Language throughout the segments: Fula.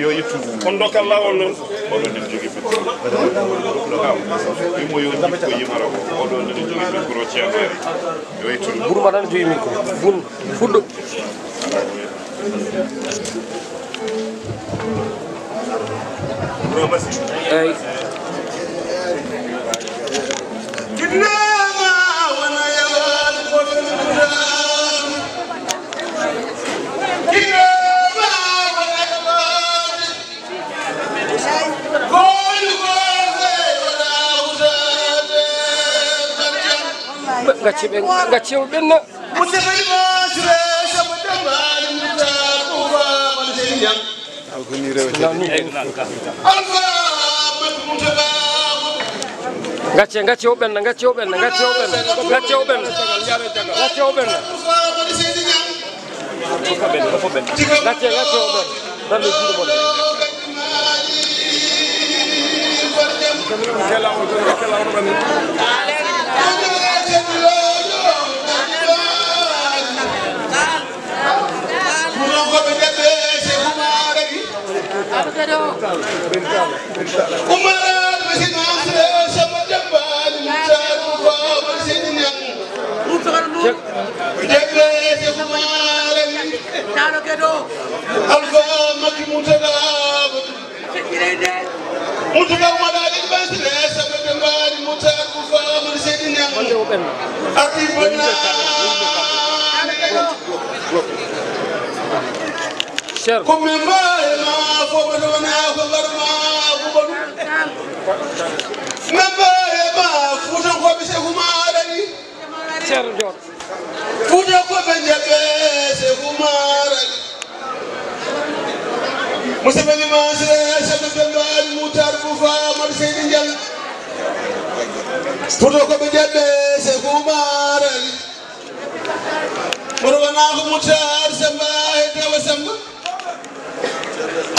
yo yettude kono ɗo k a l a o o nene j u i r o wimo yo jikko yimara o oɗo nene j u r o c e e r e yo y t t u d e ɓ u u r a tan o g u i m i c r b e y gaci ɓe gaci ɓenna musefani masure sabu dambani muta kuba manaseyiyam alkoni rewteni alfa mutaba gacce gacce o ɓenna gacce o ɓenna gacce o ɓenna gacce o ɓenna gacce o ɓenna gacce gacce o ɓenna ɗanɗo juuɗo bonde kela o kela o ɓenna Aquí, pues, الشر قم من ما فوق ما فوق ما من ما فوت قوم سيكما علي شر جور فوت قوم جبس سيكما علي مسلم ما سيد بلال متعرف فامر سيد جل فوت قوم جبس سيكما علي مرغنا متعرف سمبا هيدا وسمبا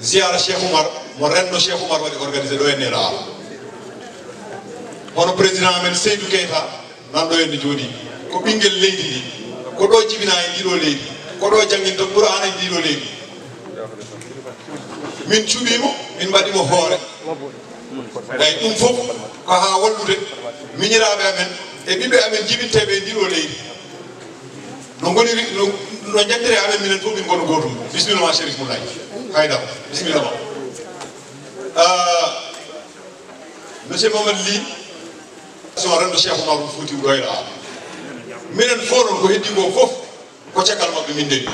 ziyara cheikh oumar mo renno cheikh oumar waɗi organisé ɗo henne laawa hono président men seydou keyta nan ɗo henne jooɗi ko ɓinguel leydi ndi ko ɗo jibina e ɗiɗo leydi ko ɗo jangguinto ɓuura ana e ɗiɗo leydi min cuɓimo min mbaɗimo hoore ɓay ɗum foof ko ha wallude miñiraɓe amen e ɓiɓɓe amen jibinteɓe e ɗiɗo leydi no goniri no jandiri amen minen foof min gono gotum bisminoma chérif moulaye kayda bisimillama euh, monsieur mamad li so rendo chekh mamadou fouti goyla minen fonon ko heddi ko foof ko cagal mabɓe min deni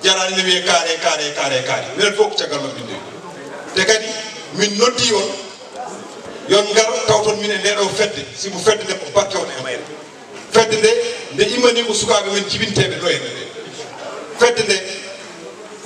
jarani ne wiye kaare kaare kaare kaare minen foof ko caggal mabɓe min deni te kadi min noddi on yon ngar taw ton min e ndeɗo fedde simo fedde nde ko battewon hema en fedde nde nde imanimo sukaɓe men jibinteɓe ɗo henne e nde fedde nde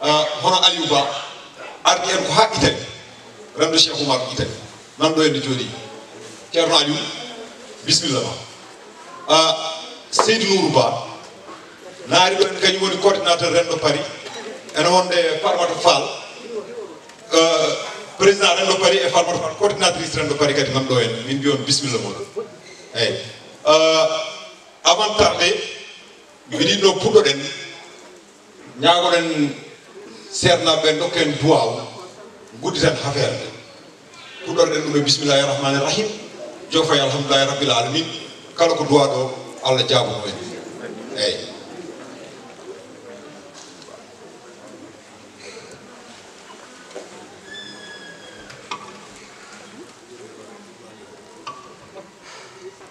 Ah, hono aliouba ardi en ko ha itali remde cheikh oumar itali nan ɗo henne jooɗi ceerno aliou bisimillama ah, seydi nouru ba naari ɗo en kañum woni coordinateur renɗo paris ene wonde farmato fall ah, président renɗo paris e farmato fall coordinatrice renɗo paris kadi nan ɗo henne min mbiyon bisimilla moɗo eyyi avant tarde mbiɗinno puɗɗo ɗen ñagoɗen Serna dokken duwa o gudditan affaire nde puɗɗorɗen ɗum e bisimillahi rahmani rahim jofay alhamdulillahi rabbil alamin kala ko duwa ɗo allah jaabuno en eyyi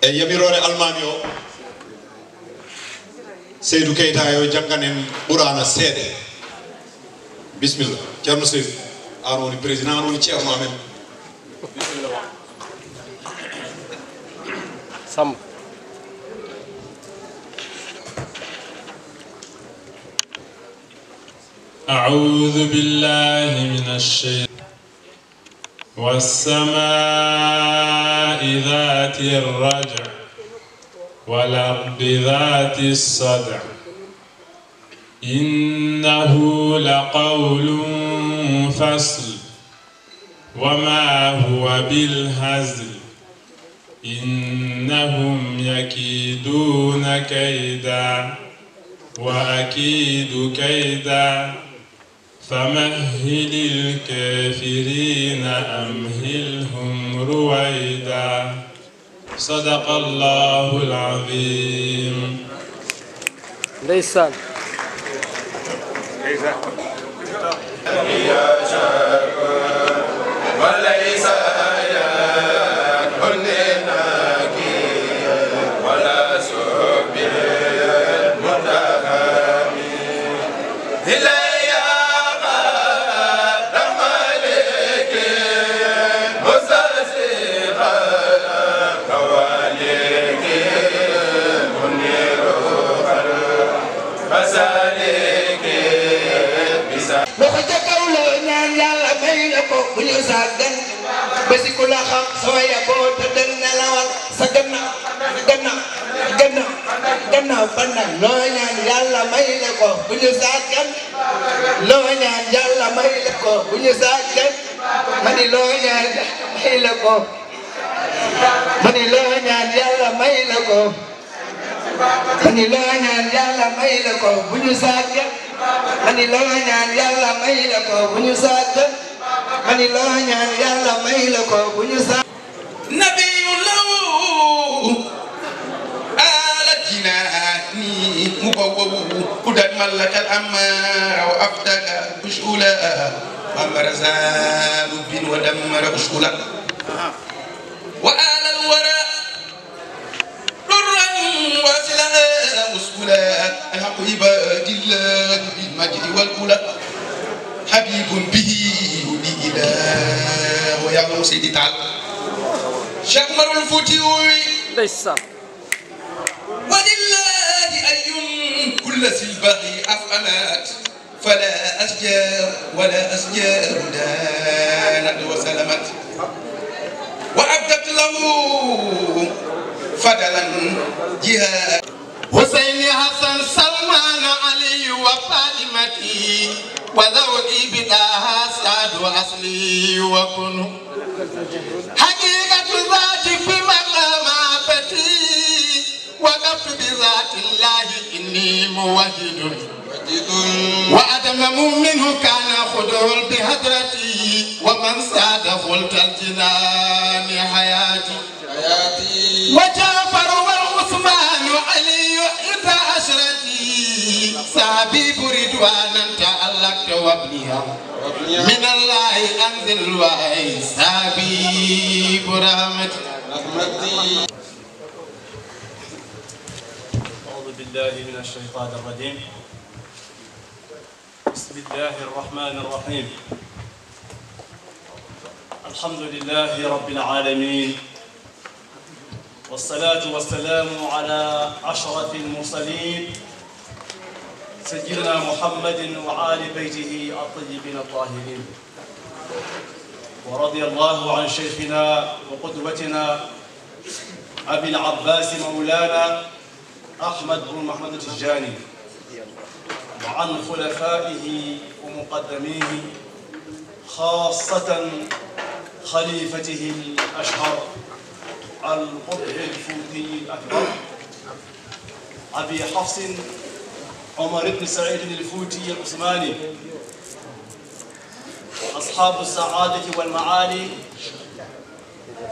e eh, yamirore almami o seydou keyta yo janggan en ɓurana بسم الله كان مسيد اروني بريزين اروني تشير بسم الله سم اعوذ بالله من الشيطان والسماء ذات الرجع والارض ذات الصدع إنه لقول فصل وما هو بالهزل إنهم يكيدون كيدا وأكيد كيدا فمهل الكافرين أمهلهم رويدا صدق الله العظيم ليس exactly. ak gannaaw ba nag loo ñaan yàlla may le ko bu ñu sàggan loo ñaan yàlla may le ko bu ñu sàggan ma ni loo ñaan may le ko ma ni loo ñaan yàlla may le ko ma ni loo ñaan yàlla may le ko bu ñu sàggan ma ni loo ñaan yàlla may le ko bu ñu sàggan ma ni loo ñaan yàlla may le ko bu ñu sàggan nabiyullah الذي مبوب قد ملك الأمار وأفتك بشؤلا أمر زال بن ودمر بشؤلا وآل الورى ضرا واسلا مسؤولا الحق عباد الله بالمجد والأولى حبيب به يهدي إله ويعلم سيدي تعالى شيخ عمر الفوتي ليس كل البغي أفعلات فلا أشجار ولا أشجار دانت وسلمت وعبدت له فدلا جهاد حسين حسن سلمان علي وفاطمتي وذوقي بداها سعد أصلي وكن حقيقة ولفت بذات الله إني موحد وأدم منه كان خدول بهدرتي ومن ساد خلت الجنان حياتي وجعفر والعثمان علي إذا أشرتي صحبي رضوانا تعلقت وابنها من الله أنزل وعي صحبي برحمتي بالله من الشيطان الرجيم بسم الله الرحمن الرحيم الحمد لله رب العالمين والصلاة والسلام على عشرة المرسلين سيدنا محمد وعال بيته الطيبين الطاهرين ورضي الله عن شيخنا وقدوتنا أبي العباس مولانا أحمد بن محمد التجاني وعن خلفائه ومقدميه خاصة خليفته الأشهر القبح الفوتي الأكبر أبي حفص عمر بن سعيد الفوتي العثماني أصحاب السعادة والمعالي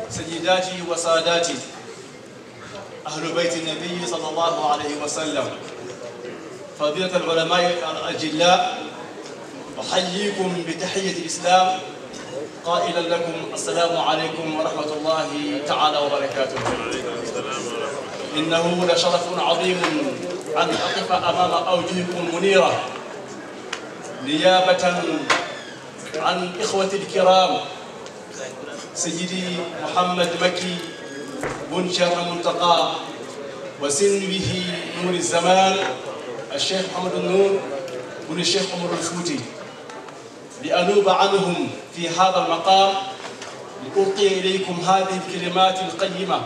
سيداتي وساداتي أهل بيت النبي صلى الله عليه وسلم فضيلة العلماء الأجلاء أحييكم بتحية الإسلام قائلا لكم السلام عليكم ورحمة الله تعالى وبركاته إنه لشرف عظيم أن أقف أمام أوجهكم منيرة نيابة عن إخوتي الكرام سيدي محمد مكي منشر ملتقاه وسن به نور الزمان الشيخ محمد النور بن الشيخ عمر الفوتي لأنوب عنهم في هذا المقام لألقي إليكم هذه الكلمات القيمة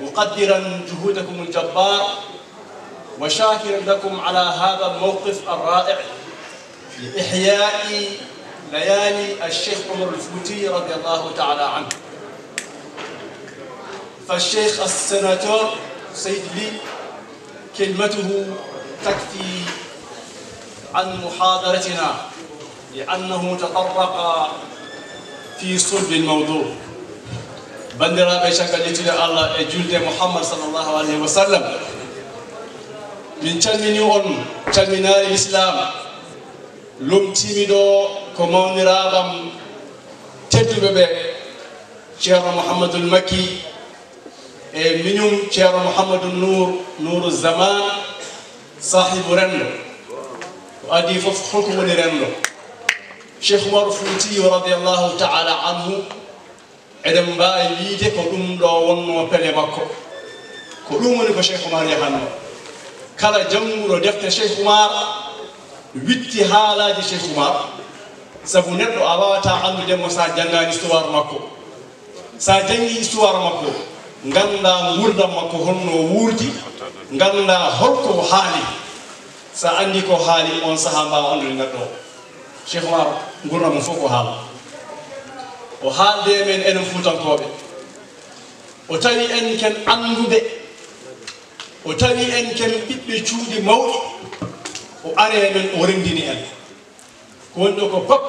مقدرا جهودكم الجبار وشاكرا لكم على هذا الموقف الرائع لإحياء ليالي الشيخ عمر الفوتي رضي الله تعالى عنه فالشيخ السناتور سيد لي كلمته تكفي عن محاضرتنا لأنه تطرق في صلب الموضوع بندرا بشكل لتلا الله جلد محمد صلى الله عليه وسلم من تل من يوم تل من الإسلام لم تيمدو كمون رابم تدو ببه شيخ محمد المكي منيوم شير محمد النور نور الزمان صاحب رنو وادي فف حكم لرنو شيخ عمر فوتي رضي الله تعالى عنه ادم باي ليدي كدوم لو ونو بلي ماكو كدوم ني شيخ عمر يهانو كلا جمورو دفتر شيخ عمر ويتي حالاج شيخ عمر سابو نيتو اواتا عندو ديمو سا جانغاني استوار ماكو سا جانغي استوار ngannda wurdam makko holno wuurdi ngannda holko haali so anndi ko haali on sahaa mbaawa anndude ngatɗo cheikh mar ngurdam mum fof ko haala o haalde men enen fuutankooɓe o tawi en ken anndude o tawi en ken ɓiɓɓe cuuɗi mawɗi o aree men o renndini en ko woni ɗo ko pop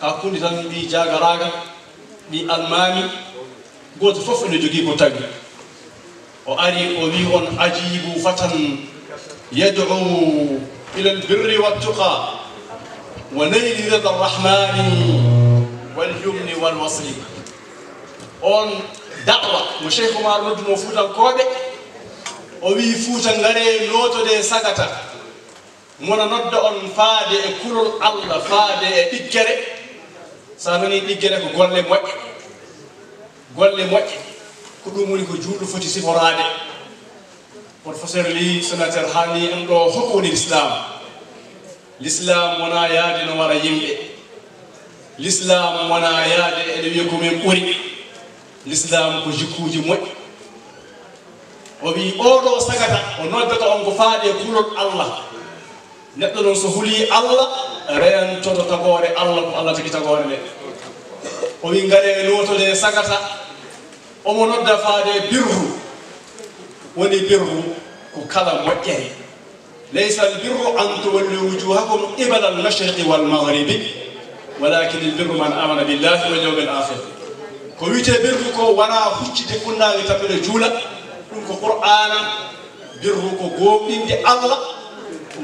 ka kunde tan mbi jaagaraagal mbi almami gooto fof ene jogii ko tagi o ari o wi on ajibu fatan yadru ila albirri waltuqa wa nayli rida arrahmani walyumni walwasli on dawa mo cheikh omar noddu mo fuutankooɓe o wi fuuta ngare lootode sagata mona nodda on faade e kulol allah faade e ɗiggere so nani ɗiggere ko golle moƴƴe golle moƴƴe ko ɗum woni ko juuɗo foti siforaade professeur li sénateur haani an ɗo hokko woni l'islam l'islam wonaa yaade no wara yimɓe l'islam wonaa yaade ene wiya komin ɓuri l'islam ko jikkuuji moƴƴi o wii ooɗoo sagata o noddata on ko faade kulol allah neɗɗo noon so hulii allah reentoto tagoore allah ko allah tigi tagoore nde o wii ngaree nootode sagata omo nodda faade birru woni birru ko kala moƴƴere laysa albirru an tuwalli wujuhakum qibala almashriqi walmaghribi walakin albirru man amana billahi wa liyawmi lakhir ko wiite birru ko wona huccide kunnaage tapele juula ɗum ko qur'ana birru ko gomɗinde allah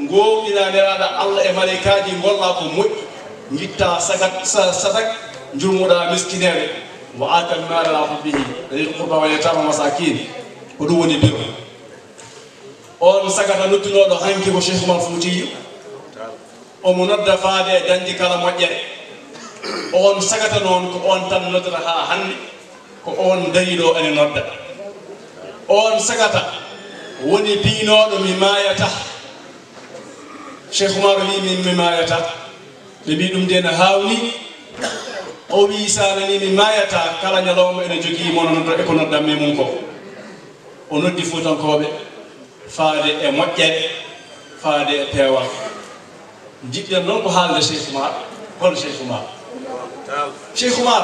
gomɗina neraɗa allah e malaikaji golla ko moƴƴi guitta sadak sadak jurmuɗa miskinere wa ata lmal al hubbihi qurba wa yetama masakine ko ɗum woni biro on sagata noddunoɗo hanki ko cheikh man fuutiyi omo nodda faade e dañdi kala moƴƴere on sagata noon ko on tan noddata ha hannde ko on dañiɗo ene nodda on sagata woni biinoɗo mi maayata cheikh oumaro wi min mi maayata ɓe mbi ɗum de no hawni o wi sanani mi mayata kala ñalowma ene jogui mo nonto e ko noddanmi mum ko o noddi fuutankoɓe faade e moƴƴere faade e pewa jiɗɗen noon ko haalde cheikh oumar holo cheikh oumar cheikh oumar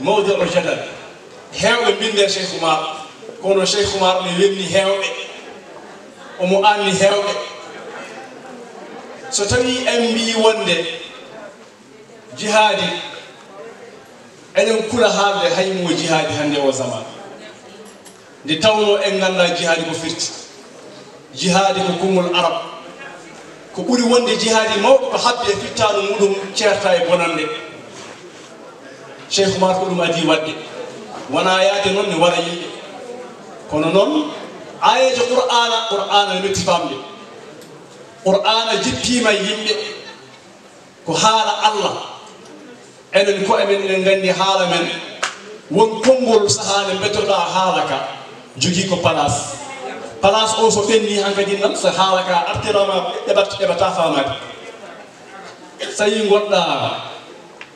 mawde o jadal hewɓe mbinde cheikh oumar kono cheikh oumar ne wenni hewɓe omo anni hewɓe so tawi en mbi wonde jihaadi eɗen kula haarde haymo jihaadi hannde o zaman nde tawno en ngannda jihaadi ko firti jihaadi ko kumol arab ko ɓuri wonde jihaadi mawɗo ko habbe e fittaano muɗum ceerta e bonande cheikh umar ko ɗum adi waɗde wona yaade noon ne wara yimɓe kono noon ayeje qur'ana qur'ana e metti famde qur'ana jippima yimɓe ko haala allah enen koye men enen nganndi haala men won konngol sahaa nde mbettoɗa haala ka jogii ko place place o so ɓenni han kadi nan so haala ka artirama eɓat eɓata famade so yi goɗɗa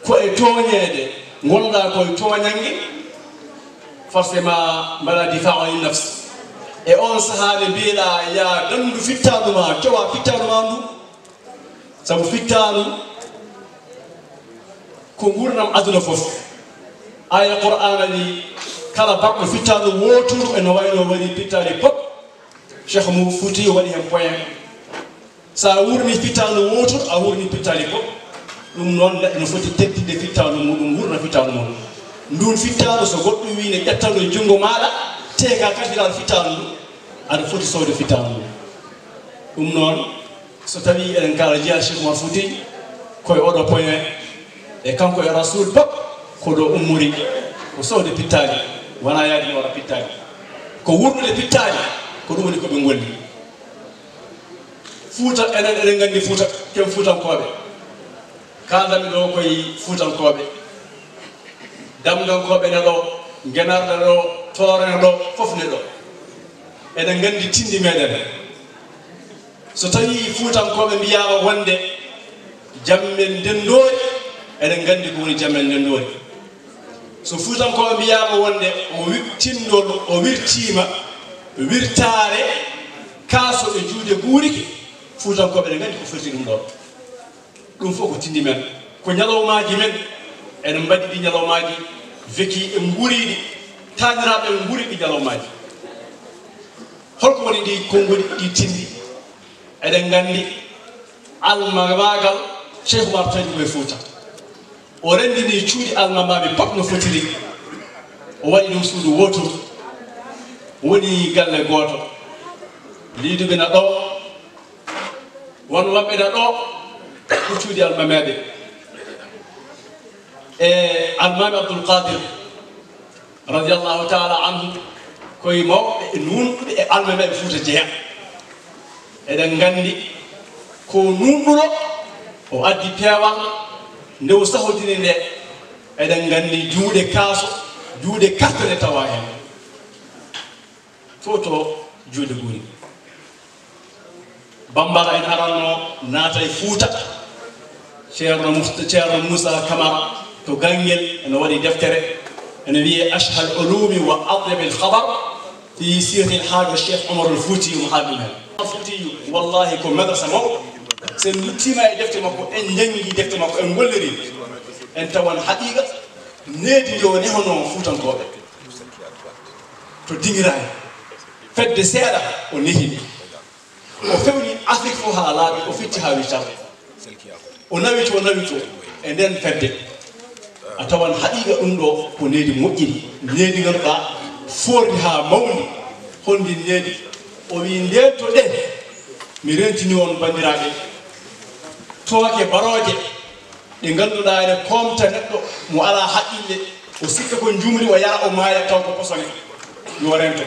koye tooñeede ngonɗa koye tooñange forcément mbaɗa difaoyi nafse e, e on sahaa nde mbiɗa ya danndu fittanuma cowa fittanuma ndu sabu fittanu ko gurnam aduna foof aya qouran ani kala baɓɓo fittaɗo woturu eno wayno waɗi pittaɗi pop cheikh mu fouti waɗi hen poyen sa wurni fittaɗo wotoru a wurni pittaɗi pop ɗum noon leɗɗo no foti teddiɗe fittaɗo muɗum gurna fittaɗo muɗum ndun fittaɗo so goɗɗo wine ƴettano e junggo maɗa teka kadiraɗo fittaɗo ndu aɗa foti sowde fittaɗo ndu ɗum noon so tawi eɗen kala jeya cheikh mo fouti koye oɗo poyen e kanko e rasul pop ko ɗo ummori ko sowde pittaji wona yaadi wara pittaji ko wurnude pittaji ko ɗum woni koɓe golli fuuta enen eɗen gandi fuuta ken fuutankoɓe kaldami ɗo koye fuutankoɓe damgankoɓe ne ɗo genarɗe ɗo toorene ɗo fof ne ɗo eɗen gandi tindi meɗen so tawi fuutankoɓe mbiyama wonde jammen ndendoyi eɗen gandi ko woni jamel nden ɗo waɗi so fuutankoɓe mbiyama wonde o tinno e ɗo o wirtima wirtare kaso e juude guuriki fuutankoɓe ɗen gandi ko foti ɗum ɗon ɗum fof ko tindi men ko ñalowmaji men eɗen mbaɗi ɗi ñalowmaji weki e guuriɗi taniraɓe e guuri ɗi ñalowmaji holko woni ɗi kongoɗi ɗi tindi eɗen gandi almawagal cheikh umar tañi koye fuutan o renndini cuuɗi alnamaɓe pop no fotiri o waɗi ɗum suudu wotor woni galle gooto liduɓe na ɗo won wamɓe na ɗo ko cuuɗi almameɓe e almami abdoulkadir radiallahu taala anhu koye mawɓe e nunɗuɓe e almameɓe fuuta jeeya eɗen nganndi ko nunɗuɗo o addi peewal nde o sahodiri nde eɗen ngandi juude kaaso juude carte de heen fof juude juuɗe guri bambara en aranno naata futa fuuta musta ceerno musa camara to gangel ene wadi deftere en wi ashha l ulumi wa adab al khabar fi sirat al haajo al sheikh umar al futi muhammad heen fotiyu wallahi ko madrasa mawɗo sen en luttima e defte makko en jangi defte makko en golliri en tawan haqiqa needi ndi o nehono fuutankoɓe to diŋirani fedde seeɗa o nehini o fewni afrique fof ha laaɓi o fitti ha wittama o nawiti o nawito e nden fedde a tawan haqiqa ɗum ɗo ko needi moƴƴini needi ganduɗa foordi ha mawni hondi needi o wi ndeto ɗen mi rentini on bandiraɓe tooke barooje ɗi ngannduɗaa ene komta neɗɗo mo alaa haqqille o sikka ko njumri o yara o maaya taw ko posone yo rento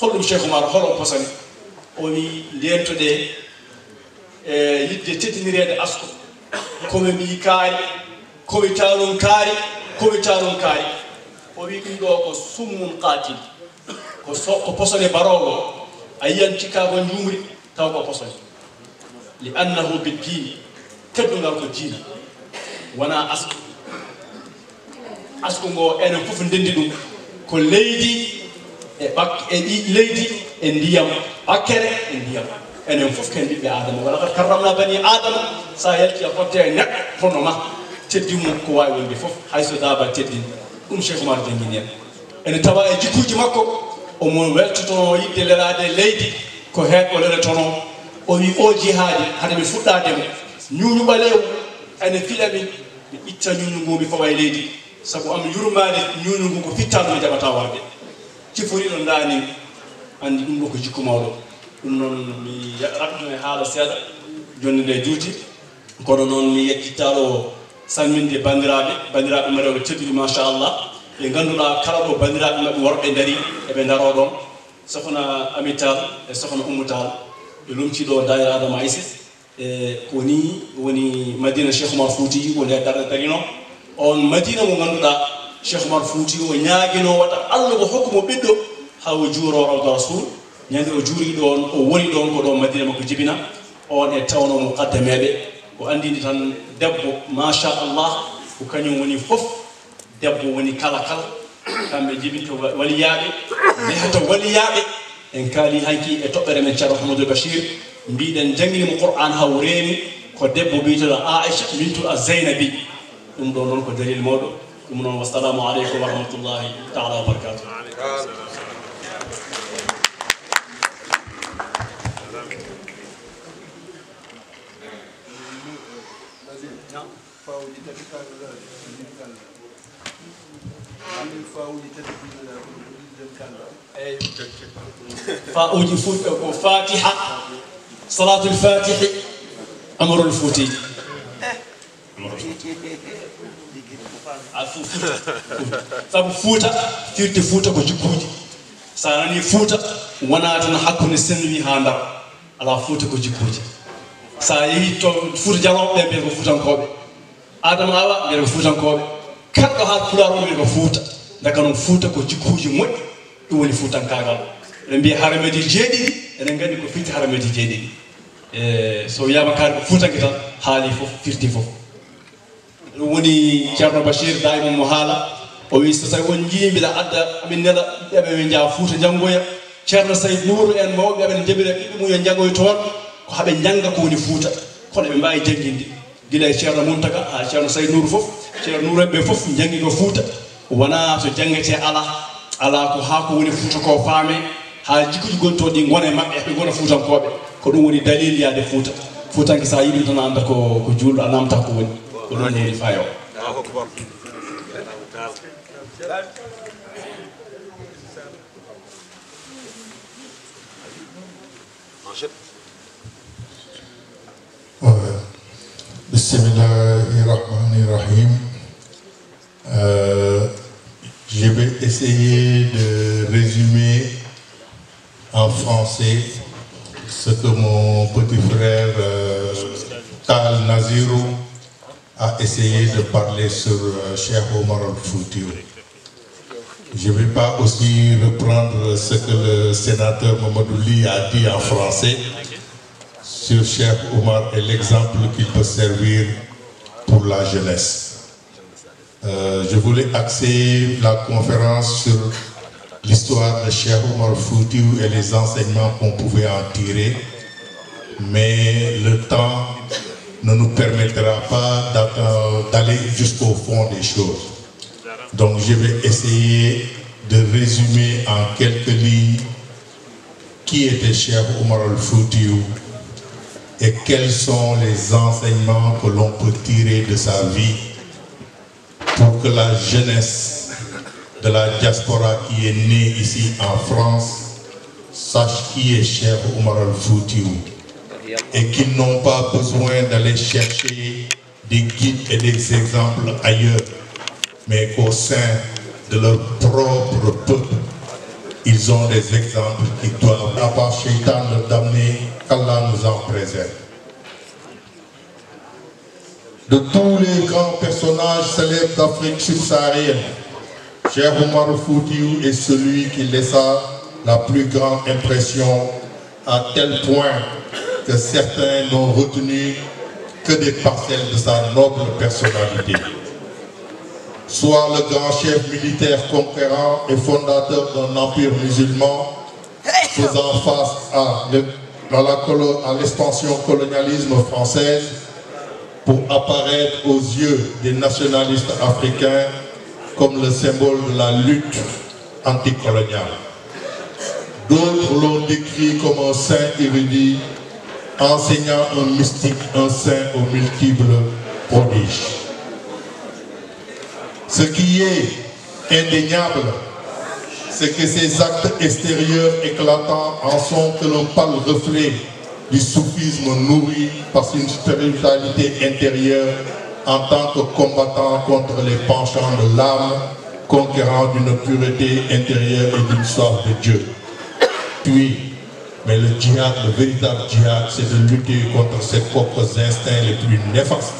holɗum cheikh omar holo posone o wii ndeentoɗee e yidde teddinireede asko komi mbii kaari komi taanum kaari komi taanum kaari o wii ɗum ɗo ko summum qatil ko posone barowo a yiyan cikkaa ko njumri taw ko posone لأنه بالدين تدنغال كدين وانا أسكو أسكو نغو أنا فوف ندندي دوم كو ليدي إيه، بك إيه، إيه، ليدي انديام بكرة انديام أنا فوف كان بي آدم ولقد كرمنا بني آدم سايلكي أفوتي نك نعم، فنما تدي مو كواي ولبي فوف حيث دابا تدي أم شيخ مار دنجينيا أنا توا أجيكو جماكو أمون ويلتو تنو يدي لرادي ليدي كو هيك ولرتنو o wi o jihaadi hade mi fuɗɗaademo ñuuñu ɓalew ene fiɗa min mi itta ñuuñu ngu mi fawa e leydi sabu ami yurmaade ñuuñu ngu ko fittaano mi e jaɓata warɓe ciforiɗo ndaani anndi ɗum ɗo ko jikku mawɗo ɗum noon mi raɓɗo e haala seeɗa jonni nde juuti kono noon mi yeƴƴittaaɗo salminde banndiraaɓe banndiraaɓe mariowɓe tedduɗi machallah ɓe ngannduɗaa kala ɗo banndiraaɓe maɓɓe worɓe ndari eɓe ndaro ɗon sohna amital e sohna ummutal لومتي دو دايرة مايس كوني آه، وني مدينة شيخ مرفوتي وني دارة تارينو on مدينة مغندا شيخ مرفوتي ونياجينو واتا الله حكمو بيدو هاو جورو راو دارسول نيان دو جوري دون او وني دون كو دون مدينة مكجبنا on a town of Mukatemebe واندي نتان دبو ما شاء الله وكانيو وني فوف دبو وني كالاكال كان بجيبي تو ولياري ليه تو ولياري en kali hanki e toɓɓere men ceerno hamadou bachir mbiɗen jangini mo qur'an hawreni ko debbo mbiteɗo aicha mintu a zeynabi ɗum ɗo noon ko dalil mawɗo ɗum noon wassalamu aleykum wa rahmatullahi taala wa barakatuh fawuji tati kalɗoɗe ɗin kalɗo amin fawuji tati dinɗa ɗin kalɗo eyi fauji fuɗɗo ko fatiha salatul fatihi amarol fotiji saabu fuuta fiirde fuuta ko jikkuuji so a nani fuuta wonatan hakkunde senwi ha ndar ala fuuta ko jikkuuji so a yehi to fuuta jaloɓeɓe ko fuutankoɓe adam awa ngel ɓe fuutankoɓe kaka ha pularoɓe ko fuuta daga noon fuuta ko jikkuji moƴƴi ɗum woni fuutankagal eɗen mbiya harameji jeeɗiɗi eɗen gandi ko firti harameji jeeɗiɗi e so wiyama makar ko kita tan haali foof firti foof ɗum woni ceerno bachir daymo mo haala o wi so tawi on jii adda min neɗa ɓiɓɓeɓe ɓe jaa futa janngoya ceerno sayd nuuru en mawɓe aɓen jabira ɓiɓɓe mu yo janngoy toon ko habe jannga ko woni fuuta kono ɓe mbawi jannginde guila e ceerno montaga ha ceerno say nuru fof ceerno nuuraɓe be fof jangguino fuuta wona so ci ala ala ko ha ko woni futa ko faame ha jikkuji goni to ɗi gona e mabɓe ɓe gona fuutankoɓe ko ɗum woni dalil futa futa fuutanke sa yiɗi tan anda ko ko juulɗo a namta ko woni ko non ni fayo Thank you. Le Séminaire Rahim. Euh, je vais essayer de résumer en français ce que mon petit frère Karl euh, Tal a essayé de parler sur euh, Cheikh Omar Foutiou. Je ne vais pas aussi reprendre ce que le sénateur Mamadou a dit en français sur Cheikh Omar est l'exemple qu'il peut servir pour la jeunesse. Euh, je voulais axer la conférence sur l'histoire de Cheikh Omar Foudiou et les enseignements qu'on pouvait en tirer, mais le temps ne nous permettra pas d'aller jusqu'au fond des choses. Donc je vais essayer de résumer en quelques lignes qui était Cher Omar et quels sont les enseignements que l'on peut tirer de sa vie pour que la jeunesse de la diaspora qui est née ici en France sache qui est cher Omar Al-Foutiou et qu'ils n'ont pas besoin d'aller chercher des guides et des exemples ailleurs, mais qu'au sein de leur propre peuple, ils ont des exemples qui doivent, à qu'Allah nous en préserve. De tous les grands personnages célèbres d'Afrique subsaharienne, Cher Omar est celui qui laissa la plus grande impression à tel point que certains n'ont retenu que des parcelles de sa noble personnalité. Soit le grand chef militaire conquérant et fondateur d'un empire musulman faisant face à le dans à l'expansion colonialisme française pour apparaître aux yeux des nationalistes africains comme le symbole de la lutte anticoloniale. D'autres l'ont décrit comme un saint érudit, enseignant un mystique, un saint aux multiples prodiges. Ce qui est indéniable, c'est que ces actes extérieurs éclatants en sont que le reflet du soufisme nourri par une spiritualité intérieure en tant que combattant contre les penchants de l'âme, conquérant d'une pureté intérieure et d'une sorte de Dieu. Puis, mais le djihad, le véritable djihad, c'est de lutter contre ses propres instincts les plus néfastes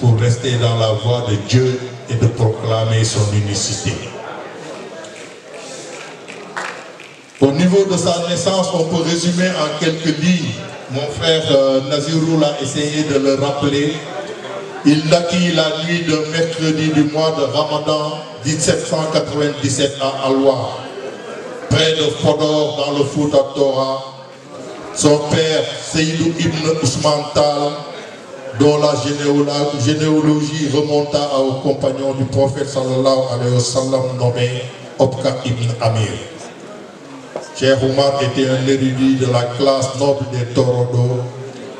pour rester dans la voie de Dieu et de proclamer son unicité. Au niveau de sa naissance, on peut résumer en quelques lignes. Mon frère euh, Nazirou a essayé de le rappeler. Il naquit la nuit de mercredi du mois de Ramadan 1797 à Aloua, près de Fodor dans le foot Torah. Son père, Seydou Ibn Ousmane Tal, dont la généalogie remonta aux compagnons du prophète sallallahu alayhi wa sallam nommé Obka Ibn Amir. Cheikh Oumar était un érudit de la classe noble des Torodo,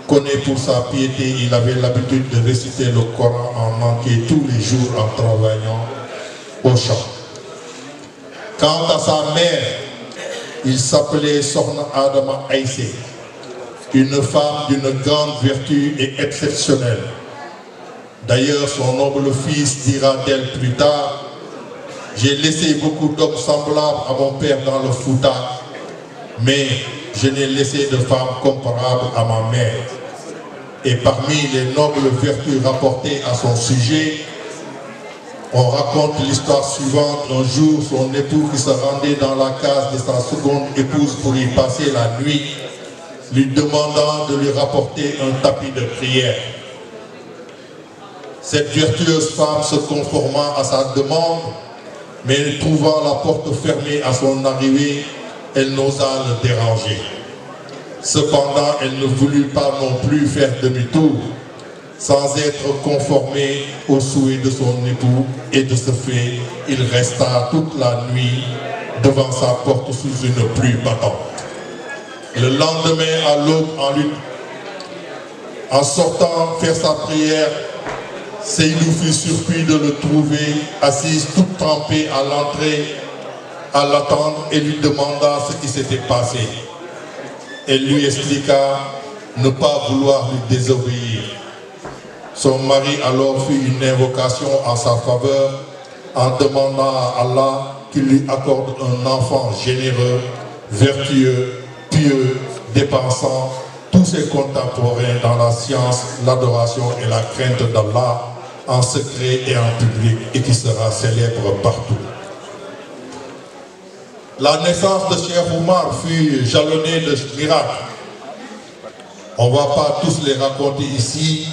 connu pour sa piété, il avait l'habitude de réciter le Coran en manqué tous les jours en travaillant au champ. Quant à sa mère, il s'appelait Sohna Adama Aïsé, une femme d'une grande vertu et exceptionnelle. D'ailleurs, son noble fils dira t d'elle plus tard, « J'ai laissé beaucoup d'hommes semblables à mon père dans le foutage mais je n'ai laissé de femme comparable à ma mère. Et parmi les nobles vertus rapportées à son sujet, on raconte l'histoire suivante. Un jour, son époux qui se rendait dans la case de sa seconde épouse pour y passer la nuit, lui demandant de lui rapporter un tapis de prière. Cette vertueuse femme se conformant à sa demande, mais trouvant la porte fermée à son arrivée, elle n'osa le déranger. Cependant, elle ne voulut pas non plus faire demi-tour, sans être conformée au souhait de son époux, et de ce fait, il resta toute la nuit devant sa porte sous une pluie battante. Le lendemain, à l'aube, en en sortant faire sa prière, Seydou fut surpris de le trouver assis toute trempée à l'entrée à l'attendre et lui demanda ce qui s'était passé. Elle lui expliqua ne pas vouloir lui désobéir. Son mari alors fit une invocation en sa faveur en demandant à Allah qu'il lui accorde un enfant généreux, vertueux, pieux, dépensant tous ses contemporains dans la science, l'adoration et la crainte d'Allah en secret et en public et qui sera célèbre partout. La naissance de Cheikh Oumar fut jalonnée de miracles. On ne va pas tous les raconter ici,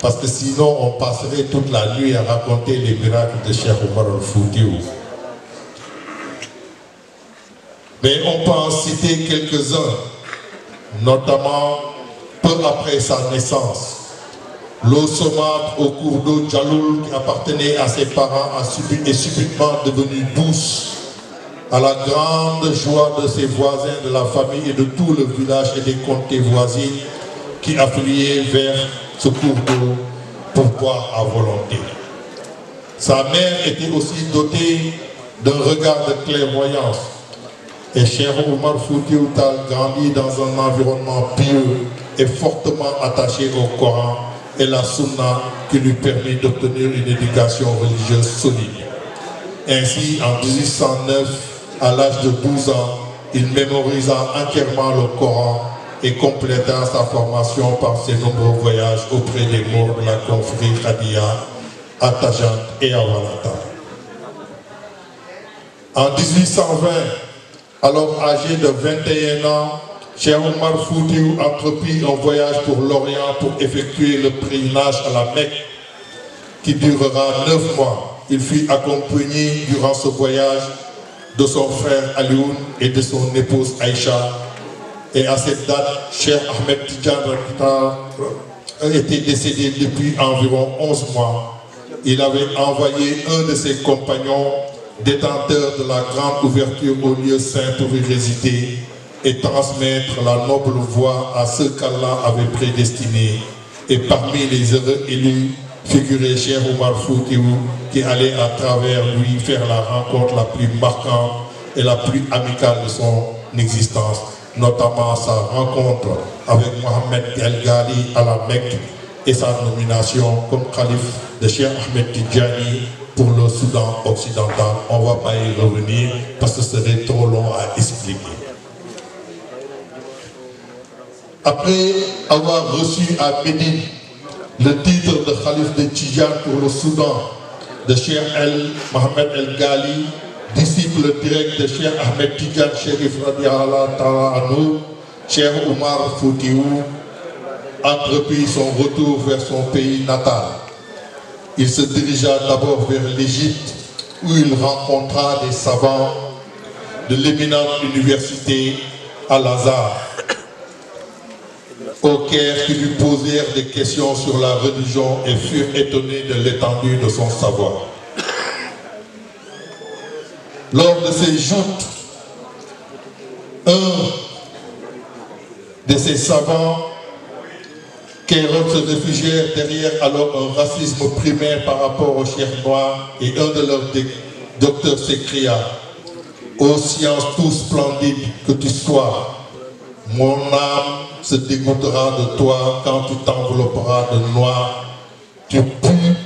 parce que sinon on passerait toute la nuit à raconter les miracles de Cheikh Oumar Mais on peut en citer quelques-uns, notamment peu après sa naissance. L'eau somate au cours d'eau Jaloul qui appartenait à ses parents est subitement devenue douce à la grande joie de ses voisins, de la famille et de tout le village et des comtés voisins qui affluaient vers ce cours d'eau pour boire à volonté. Sa mère était aussi dotée d'un regard de clairvoyance. Et cher Omar Outal grandit dans un environnement pieux et fortement attaché au Coran et la Sunna qui lui permet d'obtenir une éducation religieuse solide. Ainsi, en 1809, à l'âge de 12 ans, il mémorisa entièrement le Coran et compléta sa formation par ses nombreux voyages auprès des morts de la confrérie à et à En 1820, alors âgé de 21 ans, Cheikh Omar Foudiou entreprit un voyage pour l'Orient pour effectuer le pèlerinage à la Mecque qui durera 9 mois. Il fut accompagné durant ce voyage de son frère Alioun et de son épouse Aïcha. Et à cette date, cher Ahmed Tidjan euh, était décédé depuis environ 11 mois. Il avait envoyé un de ses compagnons, détenteur de la grande ouverture au lieu saint pour y et transmettre la noble voix à ceux qu'Allah avait prédestinés. Et parmi les heureux élus, figuré Cheikh Omar Foutiou, qui allait à travers lui faire la rencontre la plus marquante et la plus amicale de son existence, notamment sa rencontre avec Mohamed El Ghali à la Mecque et sa nomination comme calife de Cheikh Ahmed Tidjani pour le Soudan occidental. On ne va pas y revenir parce que ce serait trop long à expliquer. Après avoir reçu à Médine le titre de Khalif de Tijan pour le Soudan de Cheikh El Mohamed El Ghali, disciple direct de Cheikh Ahmed Tidjan, Sherif Radiallah Anou, Cheikh Omar Foutiou, entreprit son retour vers son pays natal. Il se dirigea d'abord vers l'Égypte où il rencontra des savants de l'éminente université Al-Azhar au caire qui lui posèrent des questions sur la religion et furent étonnés de l'étendue de son savoir. Lors de ces joutes, un de ces savants, qui se réfugièrent derrière alors un racisme primaire par rapport aux chers noirs et un de leurs docteurs s'écria Ô science tout splendide que tu sois, mon âme se dégoûtera de toi quand tu t'envelopperas de noir. Tu pues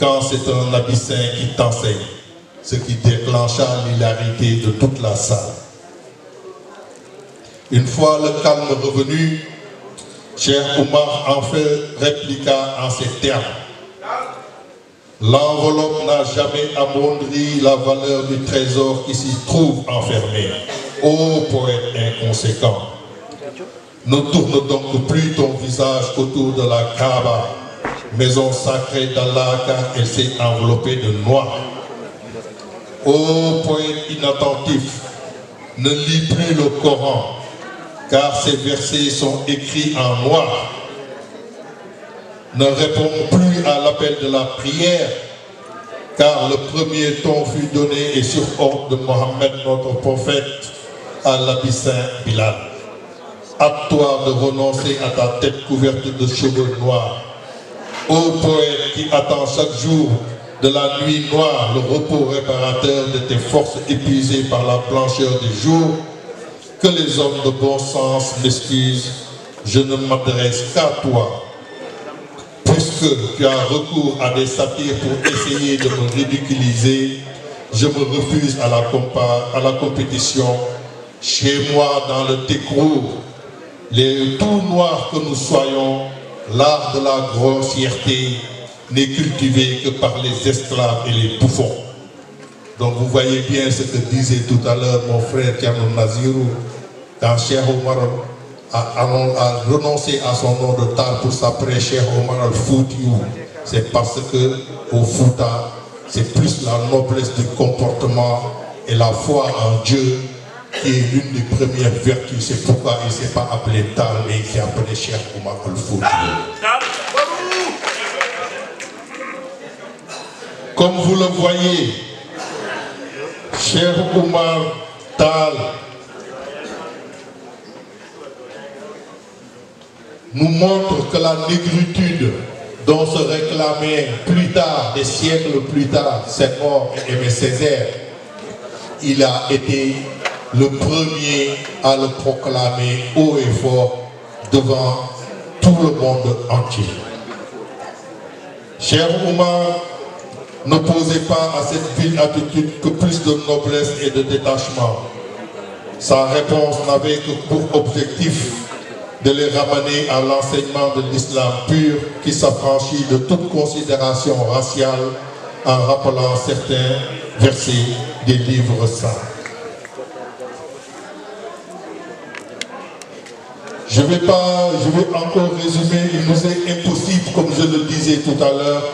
quand c'est un abyssin qui t'enseigne, ce qui déclencha l'hilarité de toute la salle. Une fois le calme revenu, cher Omar en répliqua en ces termes. L'enveloppe n'a jamais amondri la valeur du trésor qui s'y trouve enfermé. Ô poète inconséquent, ne tourne donc plus ton visage autour de la Kaaba, maison sacrée d'Allah, car elle s'est enveloppée de noir. Ô poète inattentif, ne lis plus le Coran, car ces versets sont écrits en noir. Ne réponds plus à l'appel de la prière, car le premier ton fut donné et sur ordre de Mohammed, notre prophète, à l'abyssin Bilal à toi de renoncer à ta tête couverte de cheveux noirs. Ô poète qui attend chaque jour de la nuit noire le repos réparateur de tes forces épuisées par la blancheur du jour, que les hommes de bon sens m'excusent, je ne m'adresse qu'à toi. Puisque tu as recours à des satires pour essayer de me ridiculiser, je me refuse à la, à la compétition. Chez moi, dans le décro les tout noirs que nous soyons, l'art de la grossièreté n'est cultivé que par les esclaves et les bouffons. Donc vous voyez bien ce que disait tout à l'heure mon frère Tianon Naziru, quand Cheikh Omar a, renoncé à son nom de tar pour s'appeler Cheikh Omar al C'est parce que au Fouta, c'est plus la noblesse du comportement et la foi en Dieu qui est l'une des premières vertus. C'est pourquoi il ne s'est pas appelé Tal, mais il s'est appelé Cher Oumar Comme vous le voyez, cher Oumar Tal nous montre que la négritude dont se réclamait plus tard, des siècles plus tard, mort et Aimé Césaire, il a été le premier à le proclamer haut et fort devant tout le monde entier. Cher Oumar, n'opposez pas à cette vile attitude que plus de noblesse et de détachement. Sa réponse n'avait que pour objectif de les ramener à l'enseignement de l'islam pur qui s'affranchit de toute considération raciale en rappelant certains versets des livres saints. Je vais pas, je vais encore résumer, il nous est impossible, comme je le disais tout à l'heure,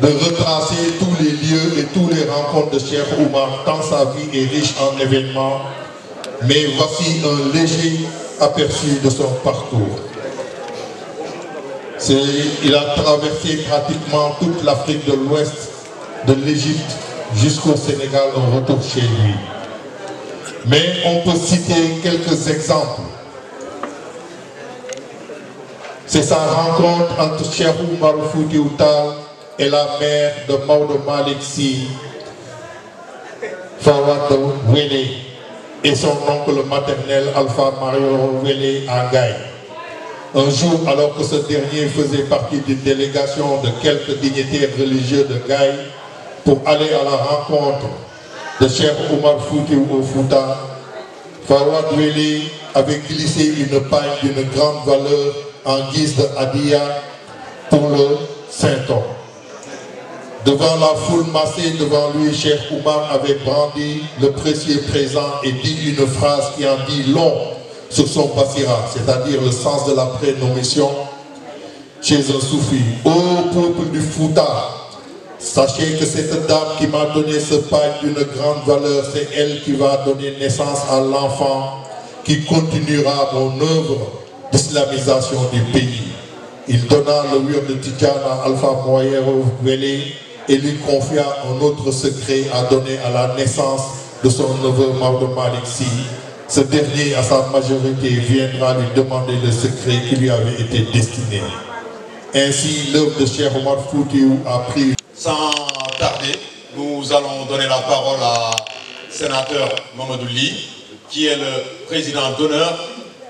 de retracer tous les lieux et toutes les rencontres de Cheikh Oumar, tant sa vie est riche en événements, mais voici un léger aperçu de son parcours. Il a traversé pratiquement toute l'Afrique de l'Ouest, de l'Égypte jusqu'au Sénégal, en retour chez lui. Mais on peut citer quelques exemples c'est sa rencontre entre Cherou Maroufou Outa et la mère de Maudo Maliksi, Fawad Wele, et son oncle maternel Alpha Mario Wele Gaï. Un jour, alors que ce dernier faisait partie d'une délégation de quelques dignitaires religieux de Gaï pour aller à la rencontre de Cheikh Omar Fouti Wele avait glissé une paille d'une grande valeur en guise de Adia pour le Saint-Homme. Devant la foule massée devant lui, cher Oumar avait brandi le précieux présent et dit une phrase qui en dit long sur son passira, c'est-à-dire le sens de la prénomission chez un soufi. Ô peuple du Fouta, sachez que cette dame qui m'a donné ce pain d'une grande valeur, c'est elle qui va donner naissance à l'enfant qui continuera mon œuvre Islamisation du pays. Il donna le mur de Titiana à Alpha Moyer Vélé et lui confia un autre secret à donner à la naissance de son neveu Mardo Maliksi. Ce dernier, à sa majorité, viendra lui demander le secret qui lui avait été destiné. Ainsi, l'œuvre de Cheikh Omar Foutiou a pris... Sans tarder, nous allons donner la parole à sénateur Mamadou qui est le président d'honneur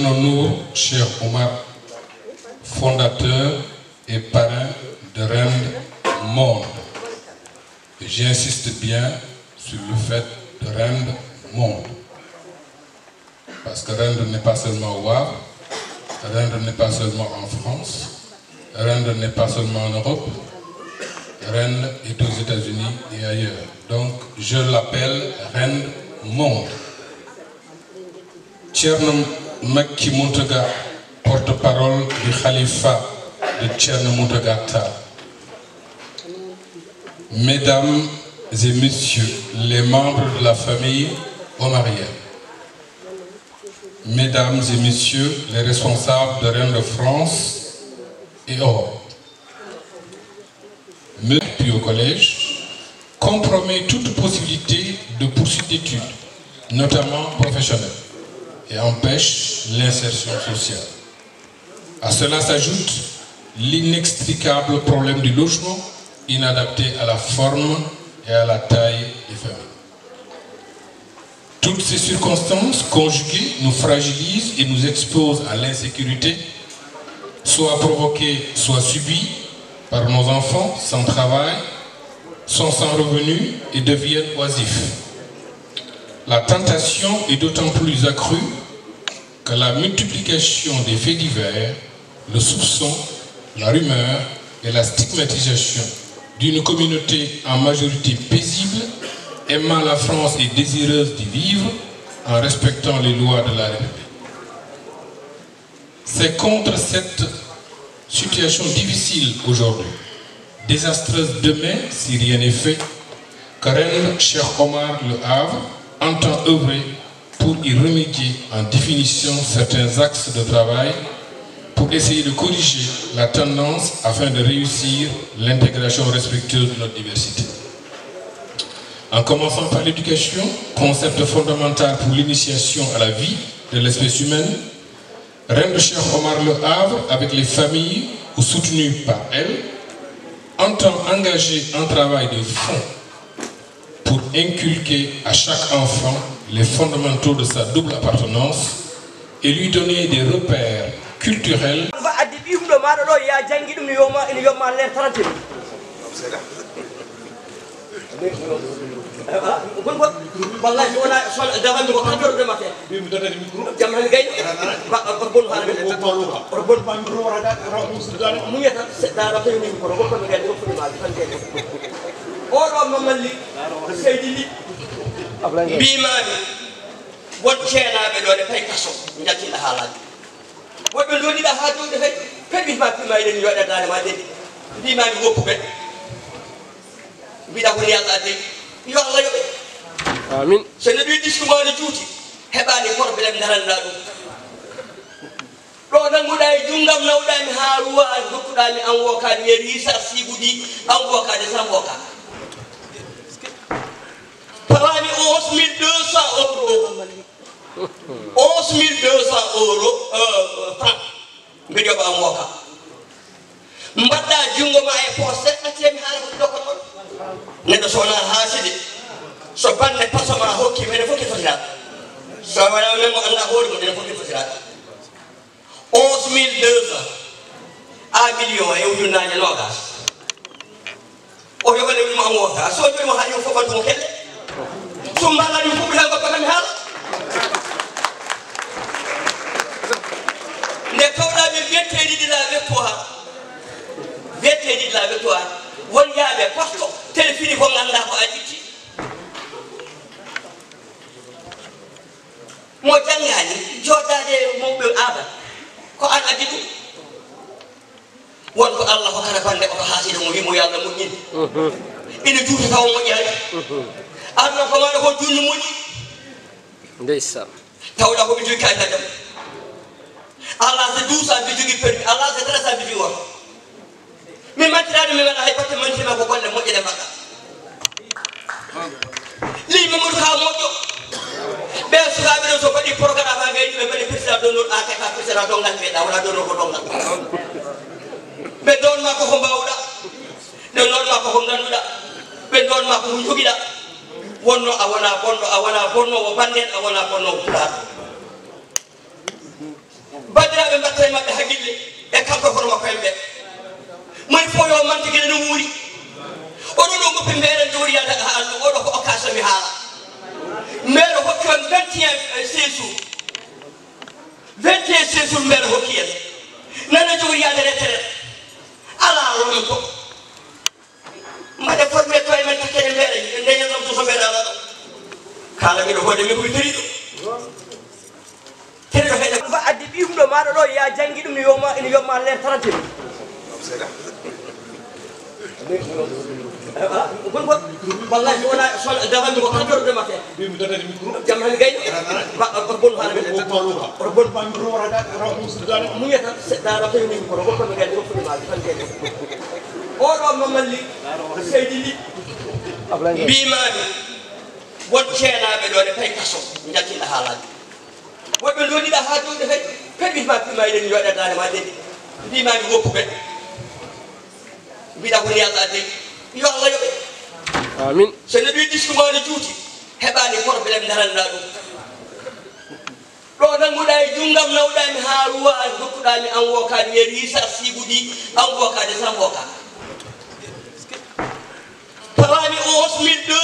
mon on cher fondateur et parrain de rende monde j'insiste bien sur le fait de monde parce que Rennes n'est pas seulement au Havre rendre n'est pas seulement en France rendre n'est pas seulement en Europe Rennes est aux États-Unis et ailleurs. Donc, je l'appelle Rennes Monde. Tchern Mekki porte-parole du Khalifa de Mesdames et messieurs, les membres de la famille mariage. mesdames et messieurs, les responsables de Rennes de France et hors, collège compromet toute possibilité de poursuite d'études, notamment professionnelles, et empêche l'insertion sociale. À cela s'ajoute l'inextricable problème du logement inadapté à la forme et à la taille des familles. Toutes ces circonstances conjuguées nous fragilisent et nous exposent à l'insécurité, soit provoquée, soit subie par nos enfants sans travail, sont sans revenus et deviennent oisifs. La tentation est d'autant plus accrue que la multiplication des faits divers, le soupçon, la rumeur et la stigmatisation d'une communauté en majorité paisible, aimant la France et désireuse d'y vivre en respectant les lois de la République. C'est contre cette situation difficile aujourd'hui désastreuse demain si rien n'est fait, car cher cher Omar Le Havre, entend œuvrer pour y remédier en définition certains axes de travail pour essayer de corriger la tendance afin de réussir l'intégration respectueuse de notre diversité. En commençant par l'éducation, concept fondamental pour l'initiation à la vie de l'espèce humaine, Reine de Omar Le Havre, avec les familles ou soutenues par elle, entend engager un travail de fond pour inculquer à chaque enfant les fondamentaux de sa double appartenance et lui donner des repères culturels. والله وانا دغن دغن قدر دما كان جمعنا جاي ربون هذا من ربون ما يمر ورا دا ربون سدان مو يتا دا ربون من كرو ربون جاي ربون ما كان جاي اور ما ملي سيدي لي بيماني وجهنا بدون فاي كسو نجاتي لحالات وبدون لحالات فاي فبي ما في ما يدني يودا دا ما دي بيماني هو كبت بيدا كل يلا دي yo allah yoɓe amin so nabi discumani juuti heɓani probléme daranɗa ɗum ɗo nanguɗa e jungam nawɗami ha ruwa an dokkuɗami an wokani wiyen isa siguɗi an wokade san woka pawani 11 200 euros onze mille deux cent euro euh, fran mbiɗoɓa an woka mbaɗɗa jungoma e pos seɗɗatemi haara ko dokkaon neɗɗo sowona haaside so banne pasoma hokki mene fof kefotira so wa men mo anda hoori mo ɗene fof kefotira onze mille deux cent a million e ujunnaje nogas o yogale wimo angoga so jomo haayo fofantumo kelle so mballani fuɓɓitan goppa kami e haala nde towɗa ɓe wiyette ɗiɗi la wettu ha wiyette ɗiɗi la wettu ha won yaaɓe e posto telfini ko ganda ko a jitti mo jangani jodade mawɓe aba ko an addi ɗum wonko allah hokkata bande oto haasida mo wimo yallah moƴƴini uhuh. ine juuti taw moƴƴani uhuh. anno komaɗa ko junni moƴƴi ndeysan tawɗa koɓe jogui kayitadam alaa so duusa mbi jogui permi alaa so tresa mbi jogi woto mi matirani mi waɗa hay batte mantima ko golle moƴƴere makka ley mamadou ka moƴƴo ɓe sukaɓe ɗo so mbaɗi programme ha gayni ɓe mbaɗi président donnor a kaka président dongal meeɗa wona donnor ko dongal ɓe donma koko mbawɗa ɓe donma koko ganduɗa ɓe donma koko joguiɗa wonno a wona bonɗo a wona bonnowo banden a wona bonnowo pulaar bandiraɓe mbattata e maɓɓe haqqille e kanko kono makko en ɓe moni fo yo mantigine no wuuri oɗo ɗo goppi mbeere jooɗi yadaga haalno oɗo ko occasio mi haala mbeere hokki on vingt et eh, un sesour vingt et un sesour mbeere hokki en nana jooɗi yaade retraite ala wonmi ko mbaɗe formé to e men takkede mbeere ndeñanam toso mbeere ala ɗo kala miɗo hoode mi koye tori ɗo teɗo heɗe ba addi ɓiyum ɗo maɗa ɗo ya jangui ɗum ne yoma ene yomma lere tarantin قول قول والله وانا شغل دابا نقول قدر دابا جمع الجاي ربنا هذا ربنا ربنا مو يتا دار في من ربنا قاعد يروح في المال اورو مملي سيدي لي بيمان وجهنا بدون فيكسو نجاتي لحالات وبلوني لحالات فبي ما في ما يدني ولا دار ما يدني بيمان هو كبير mbiɗa ko yalla ya dewi yo ya allah amin so neɗo disque ma no juuti heɓani probléme daranɗa ɗum ɗo nanguɗa e junggam nawɗami ha ruwa an dokkuɗami an wokani wiye risa siguɗi an wokade tan woka tawani onze mille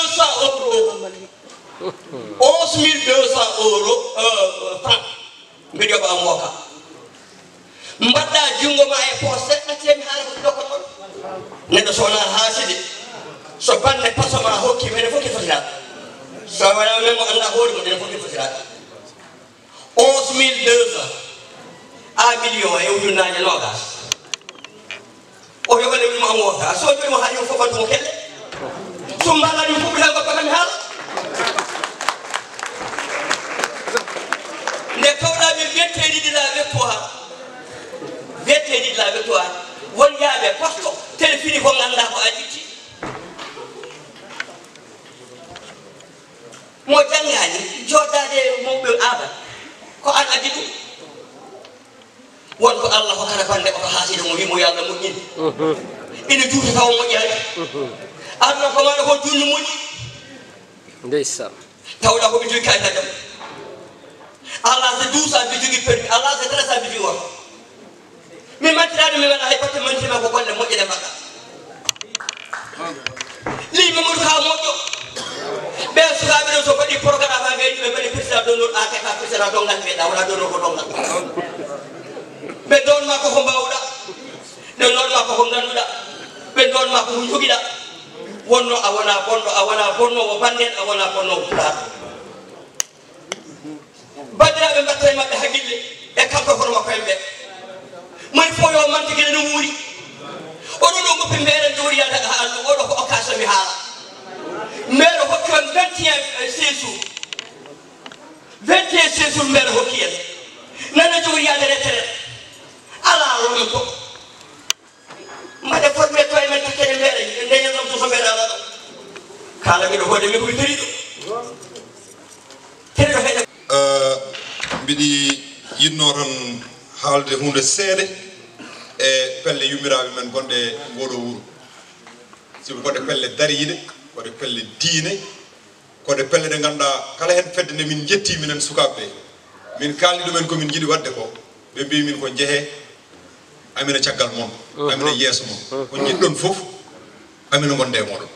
euro woka mbaɗɗa junngo ma e poos seɗɗatemi haala ko dokka on neɗɗo so haaside so banne paso ma hokki mene fof ke fotirade so wala men mo annda hoore mo ɗen fof ke fotirade onze mille deux a million e eh, ujunnaje nogas o yoɓane wimo am wota so mo haa yo fofantumo kelle so mbaɗa ɗum fof ɓilan goppa kam mi haala nde kawɗa min betteɗiɗiɗa weppo ha beteji e laaɓe toa won yaaɓe posto tel fini ko ganda ko a ƴitti mo janggani joddade mawɓe aaba ko an addi ɗum wonko allah hokkata bande oko haasida mo wimo yalla moƴƴini ine juuta taw moƴƴani adna ko mana ko junni moƴƴi ndeysan tawɗa ko ɓe jogui kaytajam allah so duusa mbi jogui permi allah so tresa mbi jogi oto mi mantira ɗum mi waɗa hay fotte mantima ko golle moƴƴene faga li mamadou ka moƴƴo ɓe sukaɓe ɗo so mbaɗi programme ha ɓeyi ɓe mbaɗi pirsita donnor a kaka pirsita donggal meeɗa wona donno ko donggal ɓe donma ko ko mbawɗa ɓe donma koko ganduɗa ɓe donma koko joguiɗa wonno a wona bonɗo a wona bonnowo banden a wona bonnowo pulaɗo bandiraɓe mbattata e maɓɓe haqille e kanko kono makko en ɓe mi haala mbeɗo hokki on 21 séjour 21 séjour mbeɗo hokki en nana jogori yaade retraite ala womi ko mbaɗe formé to e men takkede mbeɗe ndeña ɗon soso mbeɗe ala ɗon kala miɗo hoode mi komi tori ɗum teɗeɗo heɗe eh, mbiɗi yinno tan haalde hunde seeɗe e pelle yummiraɓe men gonɗe ngoɗo wuuro sibu koɗe pelle dariide koɗe pelle diine koɗe pelle ɗe ngannduɗa kala heen fedde nde min jetti minen sukaaɓe ɓe min kaalni ɗumen komin jiɗi waɗde ko ɓe mbi min ko njehee amina caggal moon uh-huh. amina yeeso moon uh-huh. ko jiɗɗon fof amina gonde e moɗon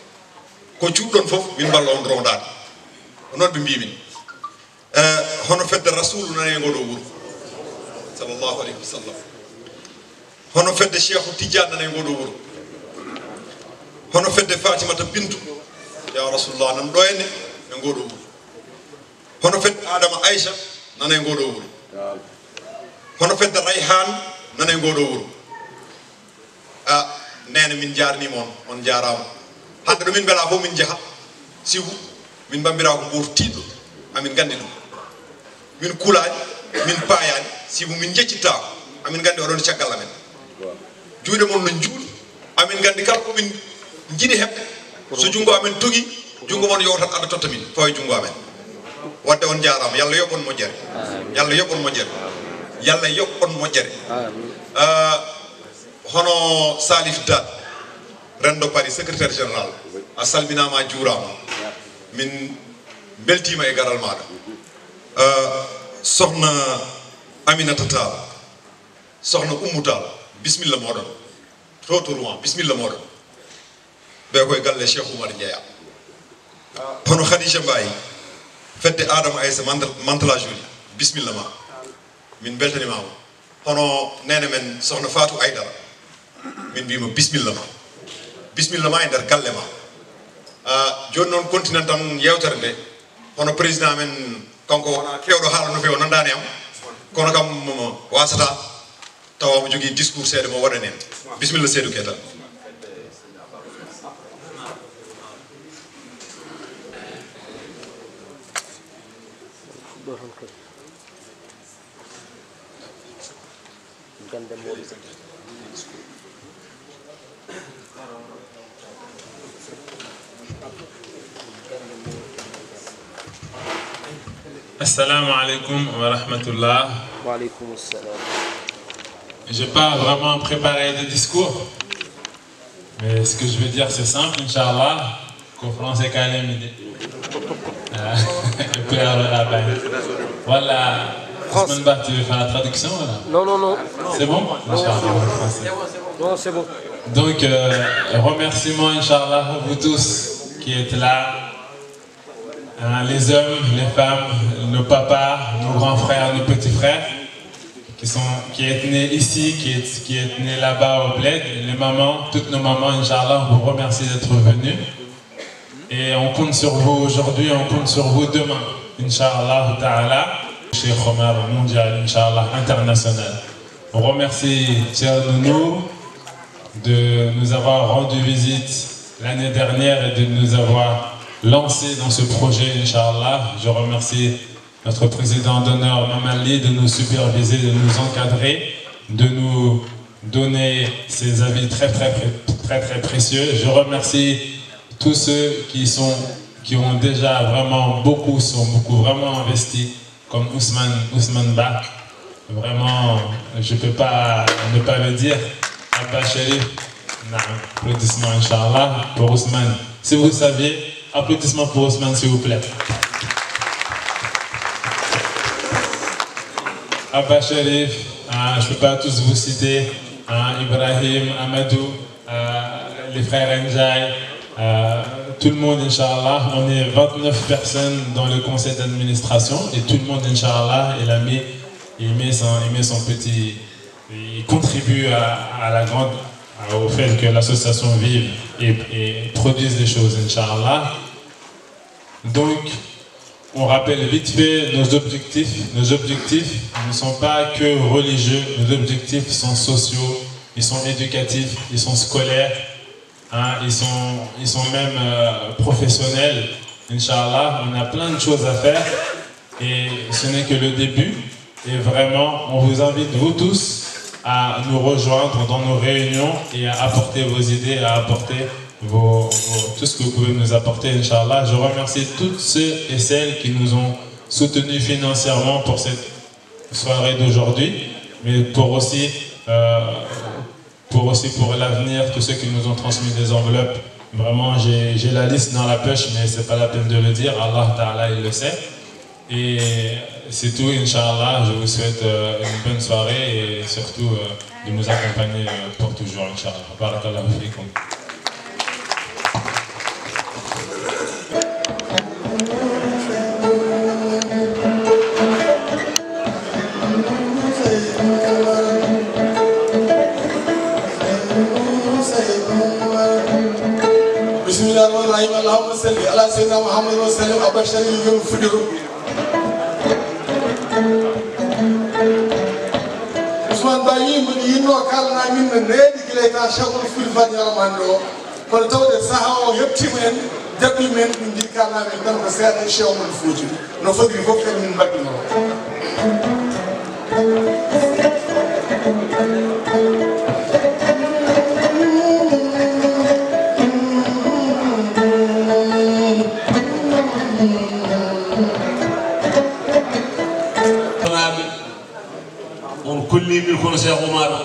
ko cuuɗɗon fof min mballa on rondaade ko noon ɓe mbimin eh, hono fedde rasulu nane e ngo ɗo wuro sallallahu aleyhi wa sallam hono fedde cheikhu tijjaɗ nane e ngo ɗo wuro hono fedde ta bintu ya rasulullah nan ɗo henne e ngoɗo wuro hono fedde adama aisha nanay e wuro hono fedde rayhan nanay e wuro a ah, nene min jarnima mon on jarama hande min bela fof min si wu min bambira ko gurtiɗo amin gandi ɗum min kulaji min si wu min jeccittako amin gandi oɗon caggal amen juude mon no juuɗi amin gandi kala min jiɗi hep so jungo amen tugi jungo won yowtat aɗa totta min fawi junngo amen wadde won jaarama yalla mo jer yalla mo jer yalla jer euh hono salif dat rendo paris secrétaire général a salminama min belti e garal euh sohna aminata tall sohna umuta Bismillah modon trop trop loin bismillah modon ɓe koye galle cheikh oumar jeeya hono khadija mbayi fedde adama aysa mantala juli bisimilla ma min beltanimama hono nene men sohna fatou aydara min mbima bisimilla ma bisimilla ma e nder galle ma ah, joni noon continent tan yewtere nde hono président men kanko kewɗo haala no fewo nandani am kono kam wasata tawama jogui discours seede mo waɗanen bisimilla seydou ketan Assalamu alaikum wa rahmatullah. Wa alaikum assalam. Je n'ai pas vraiment préparé de discours. Mais ce que je veux dire, c'est simple, Inch'Allah. Conférence est voilà. tu veux faire la traduction Non, non, non. C'est bon Non, c'est bon. Donc, euh, remerciements, Inch'Allah, à vous tous qui êtes là. Hein, les hommes, les femmes, nos papas, nos grands frères, nos petits frères, qui sont qui nés ici, qui est, qui nés là-bas au bled, les mamans, toutes nos mamans, Inch'Allah, on vous remercie d'être venus. Et on compte sur vous aujourd'hui, on compte sur vous demain. Inch'Allah Ta'ala, chez Omar mondial, Inch'Allah international. On remercie Nounou de nous avoir rendu visite l'année dernière et de nous avoir lancé dans ce projet, Inch'Allah. Je remercie notre président d'honneur, Mamali, de nous superviser, de nous encadrer, de nous donner ses avis très, très, très, très précieux. Je remercie tous ceux qui sont qui ont déjà vraiment beaucoup, sont beaucoup vraiment investis, comme Ousmane, Ousmane Bach. Vraiment, je ne peux pas ne pas le dire. Abba Sharif, applaudissements, Inch'Allah, pour Ousmane. Si vous saviez, applaudissements pour Ousmane, s'il vous plaît. Abba Sharif, ah, je ne peux pas tous vous citer, ah, Ibrahim, Amadou, ah, les frères Njai, tout le monde, Inch'Allah, on est 29 personnes dans le conseil d'administration et tout le monde, Inch'Allah, il, il son petit... contribue à, la grande, au fait que l'association vive et, et, produise des choses, Inch'Allah. Donc, on rappelle vite fait nos objectifs. Nos objectifs ne sont pas que religieux, nos objectifs sont sociaux, ils sont éducatifs, ils sont scolaires, Hein, ils, sont, ils sont même euh, professionnels, Inch'Allah. On a plein de choses à faire et ce n'est que le début. Et vraiment, on vous invite, vous tous, à nous rejoindre dans nos réunions et à apporter vos idées, à apporter vos, tout ce que vous pouvez nous apporter, Inch'Allah. Je remercie toutes ceux et celles qui nous ont soutenus financièrement pour cette soirée d'aujourd'hui, mais pour aussi euh, aussi pour l'avenir, tous ceux qui nous ont transmis des enveloppes. Vraiment, j'ai la liste dans la poche, mais c'est pas la peine de le dire. Allah Ta'ala, il le sait. Et c'est tout, Inch'Allah. Je vous souhaite euh, une bonne soirée et surtout euh, de nous accompagner euh, pour toujours, Inch'Allah. Barakallahu sayidna mouhamadin wa sallam a bacari ngel fuɗiro ousmane ba yimɓeɗe yinno kalana min no neeɗi gila ta chagol fuɗi fani yalamande o kono tawde saaha o heɓtimumen jaɓɓimumen ɗum ndi kalanamin tan ko seeɗa chewmon fuuji no fodiri fof kadi min mbaɗɗinoo kono cheikh oumaro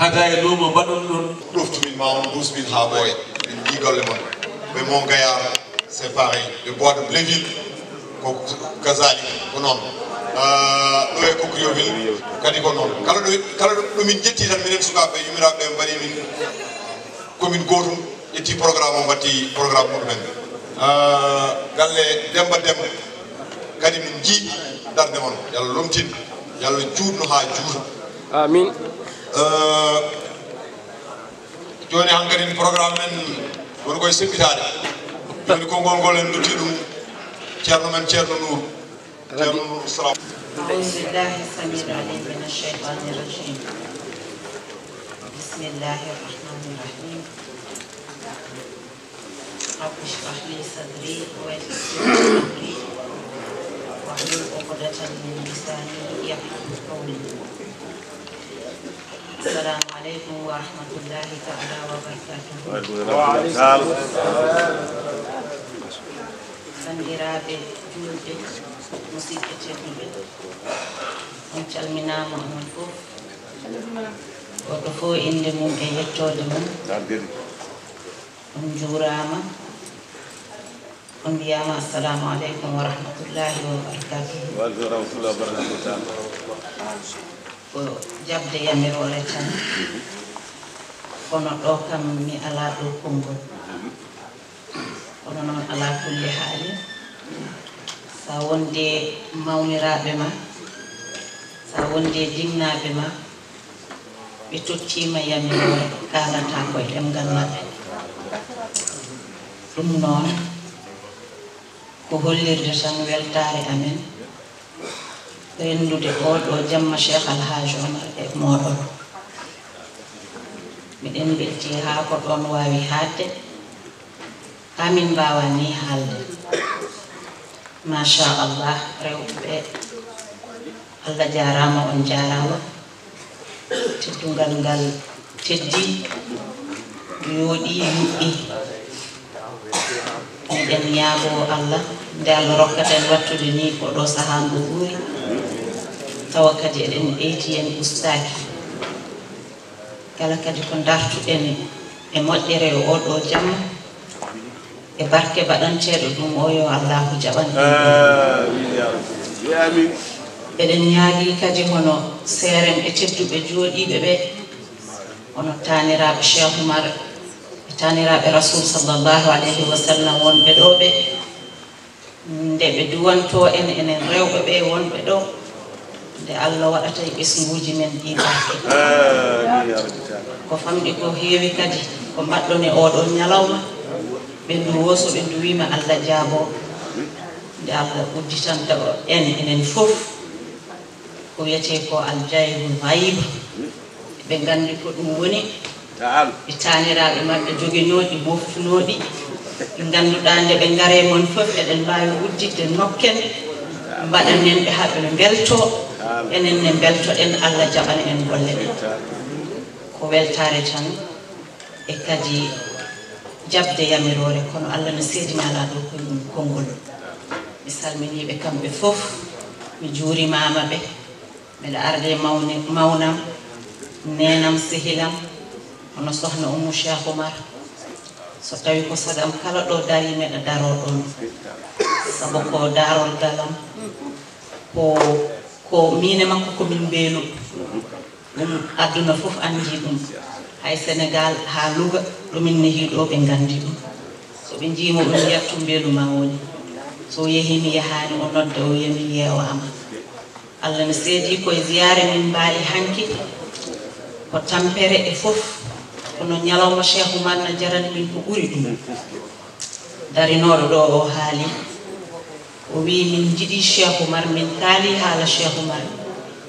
hada e lomo mbaɗon ɗon ɗoftumin maom dusmin ha ɓooya min ji golle mon ɓe mo gaya c'est pareil ɓe boɗo blainville ko gasali ko noon ɗo e cocrioville kadi ko noon kala ɗo kala ɗomin ƴetti tan minen sukaɓe yumiraɓe mbaɗimin commune gotum ƴetti programme o mbatti programme muɗumen galle demba demba kadi min jii darde mon yallah lomtin yalla juutno ha juuta amin euh joni hankarin programme men won koy sekitaade joni ko ngol ngol en dum cerno men cerno nu. ceerno nu salam واحلل عقدة من لساني يفقه قولي السلام عليكم ورحمة الله تعالى وبركاته وعليكم السلام bandiraɓe julɓe musidɓe cehluɓe on calminama on fof goto fof inde mum e yettode mum on juurama on mbiyama assalamu aleykum wa rahmatullahi wa barakatuhuko jabde yamir ore tan mhm. kono ɗo kam mi ala ɗo konngol mhm. kono noon ala kulle haali sa wonde mawniraɓe ma sa wonde dinnaɓe ma ɓe tottima yamir ore kalanta koye ɗemgal maɓɓe ɗum noon ko hollirde tan weltare amen renndude oɗo jamma cheikh alhaj omar e moɗon miɗen ɓetti haa ko ɗon wawi haadde haa min mbawa ni haalde machallah rewɓe allah jarama on jarama teddugal ngal teddi yooɗi yuɓɓi miɗen yaabo allah ndeallah rokkaten wattude ni ko ɗo sahaa ngo guuri tawa kadi eɗen ɓeyti en ustaki kala kadi ko dartuɗen e moƴƴere o ɗo jama e barke mbaɗanteeɗo ɗum o yo allahu jaɓan eɗen ñaagi kadi hono seeren e tedduɓe jooɗiiɓe ɓe hono taaniraaɓe cheikh umar e taaniraaɓe rasul sallllahu aleyhi wa sallam wonɓe ɗo ɓe nde ɓe duwanto en enen rewɓe ɓe wonɓe ɗo nde allah waɗata e ɓesguji men ɗiɓake ko famɗi ko heewi kadi ko mbaɗɗone oɗon ñalawma ɓe ndu woso ɓe nduwima allah jaabo nde allah udditanta en enen fof ko wiyete ko aljayru mayba ɓe gandi ko ɗum woni ɓe taniraɓe mabɓe joguinoɗi moftunoɗi ɓe ngannduɗa nde ɓe ngare mon fof eɗen mbawi udditde nokken mbaɗan en ɓe haɓe ɓe mbelto enen ne mbelto ɗen allah jaɓan en golle ɗe ko weltare tan e kadi jabde yamirore kono allah no seedini ala ɗo ko ɗum konngol mi salminiɓe kamɓe fof mi juurimama ɓe mbeɗa arde mawne mawnam nenam sehilam hono sohna umu cheikh oumar so tawi ko sodam kala ɗo dari meɗa daro ɗon saabu ko darol dalam ko ko mine makko komin mbeelu ɗum adduna fof andi ɗum hay sénégal ha luga ɗumin nehiɗo ɓe gandi ɗum soɓe jimo ɗum yattu mbeelu ma woni so yehimi yahani o nodda o yemi yewama allah ne seedi koye ziyare min mbaali hanki ko tampere e fof kono ñalawma cheikh oumar jarani min ko ɓuri ɗum darinoɗo ɗo o haali o wi min jiɗi cheikh oumar min kaali haala cheikh oumar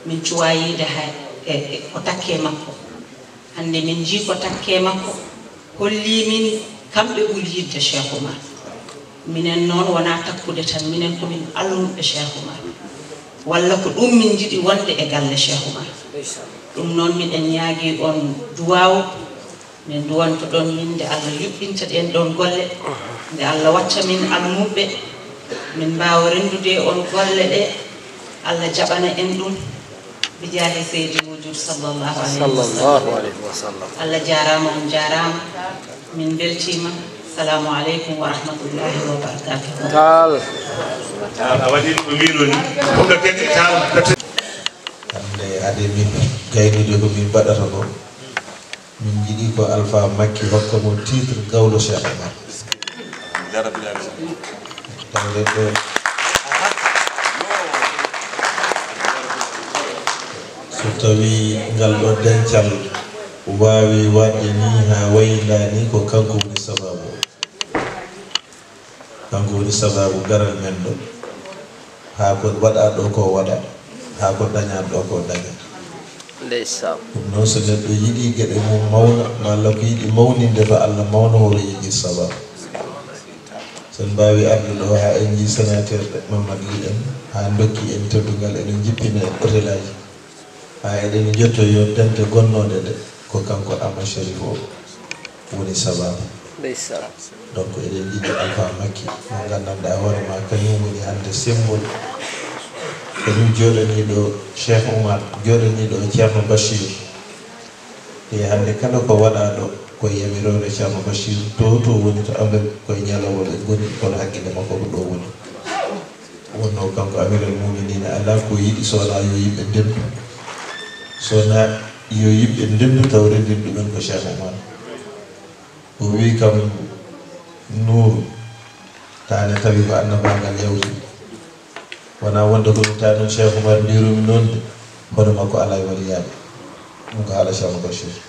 min cuwa yiide ha ko takke makko hande min jii ko takke makko holli min kamɓe ɓuri yidde cheikh oumar minen noon wona takkude tan minen komin alluɓe cheikh oumar walla ko ɗum min jiɗi wonde e galle cheikh oumar ɗum noon miɗen ñaagi on duwawo min duwanto ɗon min nde allah yuɓɓinta den don golle de allah wacca min almuɓɓe min mbawa rendude on golle de allah jabana en bi bijahe seydi mujur sallallahu alaihi wasallam allah jarama on jarama min beltima assalamu alaikum wa rahmatullahi wa barakatuh tal tal awadi e ɗo wino ko ɗumɗo kedi tal de ade min gaynude ko min badata ɗo min jiɗi ko alpha makki hokka mo titre gawlo cheikh omar so tawi ngal ɗo dencal wawi wadde ni ha waylani ko kanko woni sababu kanko woni sababu garal men ɗo ha ko waɗa ɗo ko waɗa ha ko dañan ɗo ko dañata ndeysanoon so neɗɗo yiɗi geɗe mum mawna malla ko yiɗi mawnindeba allah mawna hoore yiɗi saba son mbawi arde ɗo ha en ji sénateur mamad li en ha dokki en teddugal eɗen jippina e hôtel aji ha eɗen jotto yo dente gonnoɗe nde ko kanko ama sharif o woni saba donc eɗen jiɗi alfa makki mo gandanɗa hoorema kañum woni hande symbole ko ɗum jooɗanii ɗo cheikh oumar jooɗanii ɗo ceerno bachir e hannde kala ko waɗaa ɗo koye yamiroore ceerno bachir to to woni to amir koye ñalowo ɗe ngoni kono hakkille makko ko ɗo woni wonno kanko amirel muminina alaa ko yiɗi soonaa yo yimɓe ndenndu soonaa yo yimɓe ndenndu taw rendin ɗumen ko cheikh oumar o wii kam nuuru taane tawi ko annabangal yawtu wana wonde ko ta cheikh oumar ndirum non hono mako alay wal yaa ɗum ko ala cheikh cheikh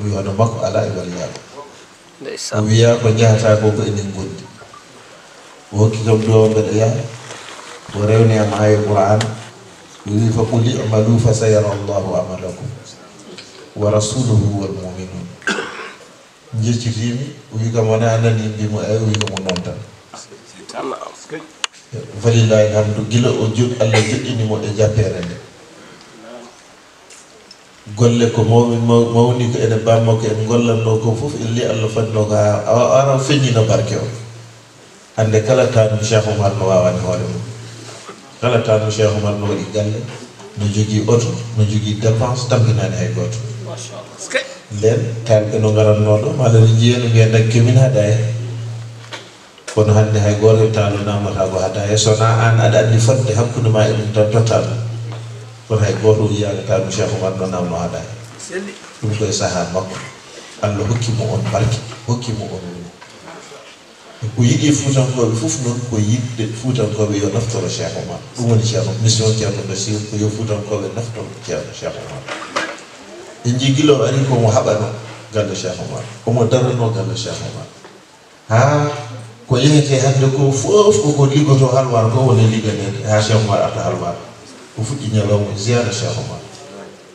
wi hono mako alay wal yaa ndeysa wi wiya ko jahata ko ko enen gondi wo ki kam do mbeɗa yaha wo rewni am ay qur'an qouran wi fa kulli amalu fa sayara allahu amalakum wa rasuluhu wal muminun ngi ci jeccitimi wi kam wona anani mo ay eh, wi ko noon tan walillahi lhamdu gila o ju allah joƴƴinimo e jappeere nde golle ko mawmi mawni ko ene bammo ko en gollatno ko fof illi allah fanno ko ha ara feññino barke o hannde kala tanu cheikh oumar no wawani hoore mum kala tanu cheikh oumar no waɗi galle no jogii oto no jogii dépense tampinani hay gooto nden tanke no ngaratno ɗo maɗani jiyanu mbiya dag kemin haɗa he فون هاندي هاي غور يتعلو نامو تابو هادا يسونا آن أدا اللي فرد هكونا ما يمتن تطال فون هاي غور يا تابو شاكو مانو نامو هادا يمتو يساها مكو الله هكي مؤن بركي هكي مؤن ويجي فوجان كوبي فوف نون كويد فوجان كوبي يو نفتر شاكو مان ومن شاكو مسيو كيانو بسيو كيو فوجان كوبي نفتر كيانو شاكو مان إنجي جيلو أريكو محبانو قال الشيخ عمر وما درنو قال الشيخ عمر ها ko yeyete hande ko foof koko liggoto halwar ko wona ligga nen e ha cheikh omar arta halwar ko fuɗɗi ñalawma ziyara cheikh omar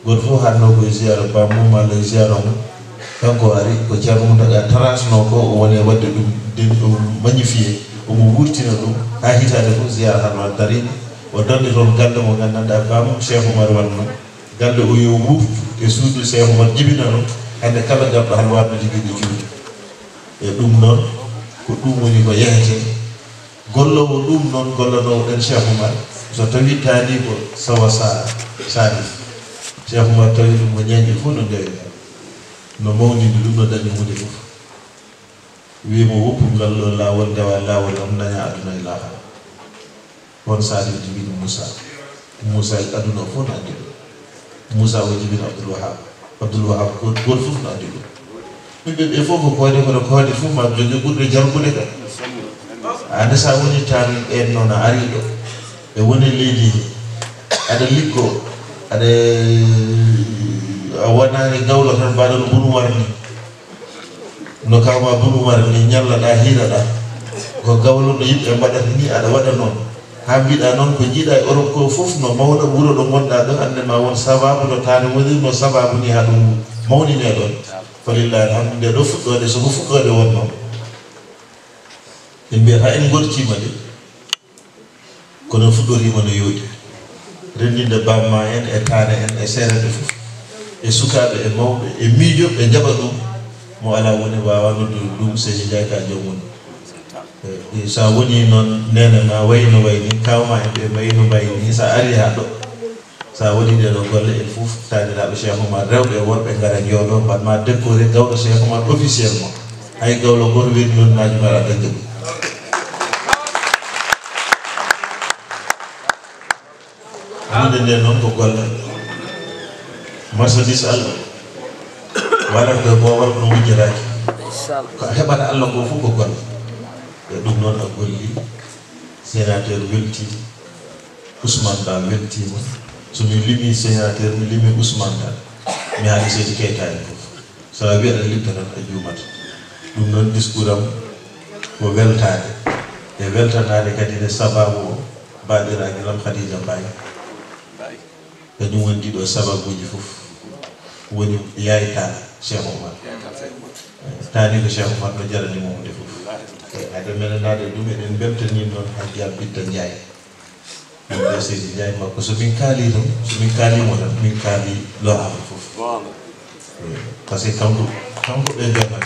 goto foof hanno koye ziyara bamumalla e ziyara mu kanko ari ko ceerno mudaga transno ko o woni e wadde ɗum magnifié omo wurtina ɗum ha hitade fo ziyara hano darima o donde toon galle mo gandanɗa bamum cheikh omar wanno galle o yo wuftu e suudu cheikh omar jibina ɗum hande kala gamɗo halwarno jiguiɗo juuɗe e ɗum noon ko dum woni ko dum non gollo do en cheikh oumar so tawi taaniko sawa sa saani cheikh oumar tawi dum mo ñañi fu no ndewgal no mawnidi dum no dañi hunde mo wimo woppu ngal ɗo laawol la laawol dum daña aduna e laafal on di o musa Musa moussa aduna fu na no musa wo moussa abdul wahab Abdul wahab ko fof no na yimɓe ɓe fof ko koode kono koode fof ma jogi ɓurɗe jargude kan ande sa woni tan en noon ari ɗo ɓe woni leydi aɗa liggo aɗa a wonani gawlo tan mbaɗon bunu warni no kawma bunu warni ñallaɗa hiiraɗa ko gawlo no yimɓe mbaɗata ni aɗa waɗa noon ha mbiɗa noon ko jiiɗa e europe ko fof no mawɗo wuuro ɗo gonɗa ɗo annde ma won sababu no tane woni no sababu ni ha ɗum mawnine ɗon walillahi alhamdulilah ɗo fuɗɗoɗe soko fuɗɗoɗe wonno ɓe mbiyata en gortima ɗe kono fuɗɗorima no yooɗi renninde bamma en e taane en e seerede fof e sukaaɓe e mawɓe e miijo ɓe jaɓa ɗum mo ala woni wawa noddu ɗum seeni jayka jawmuni so a woni noon nene ma wayno way ni kawma e ɓe mayino mbayni so ari ha ɗo so a woni ɗeɗo golle e fof taaniraaɓe cheikh oumar rewɓe e worɓe ngara ñooɗo mbatma décoré gawɗo cheikh oumar officiellement hay gawlo gon weni yon naaji mara dañde ɗum hande nde noon ko golle marchandise allah waɗat ko boowal ko wujjiraaki ko heɓata allah ko fof ko golle e ɗum noon a golli sénateur welti ousmane ba weltima so mi limi sénateur mi limi ousmane dal mi haali seedi keytaani fof sababi aɗa limta noon a juumata ɗum noon discours am ko weltaade e weltanaade kadi ne sababu o mbaaɗiraage lam hadija mbaañ kañum e woni ɗiɗo sababuuji fof woni yayta cheikh omar taani ko cheikh omar no jarani mom de fof ayde menenaade ɗum eɗen mbeltani noon hajjaa bidda njaye yimɓe seydi ñaye makko so min kaali tan somin kaalimo tan min kaali lorama fof par ce que kamɗo kamɗo ɓe ndema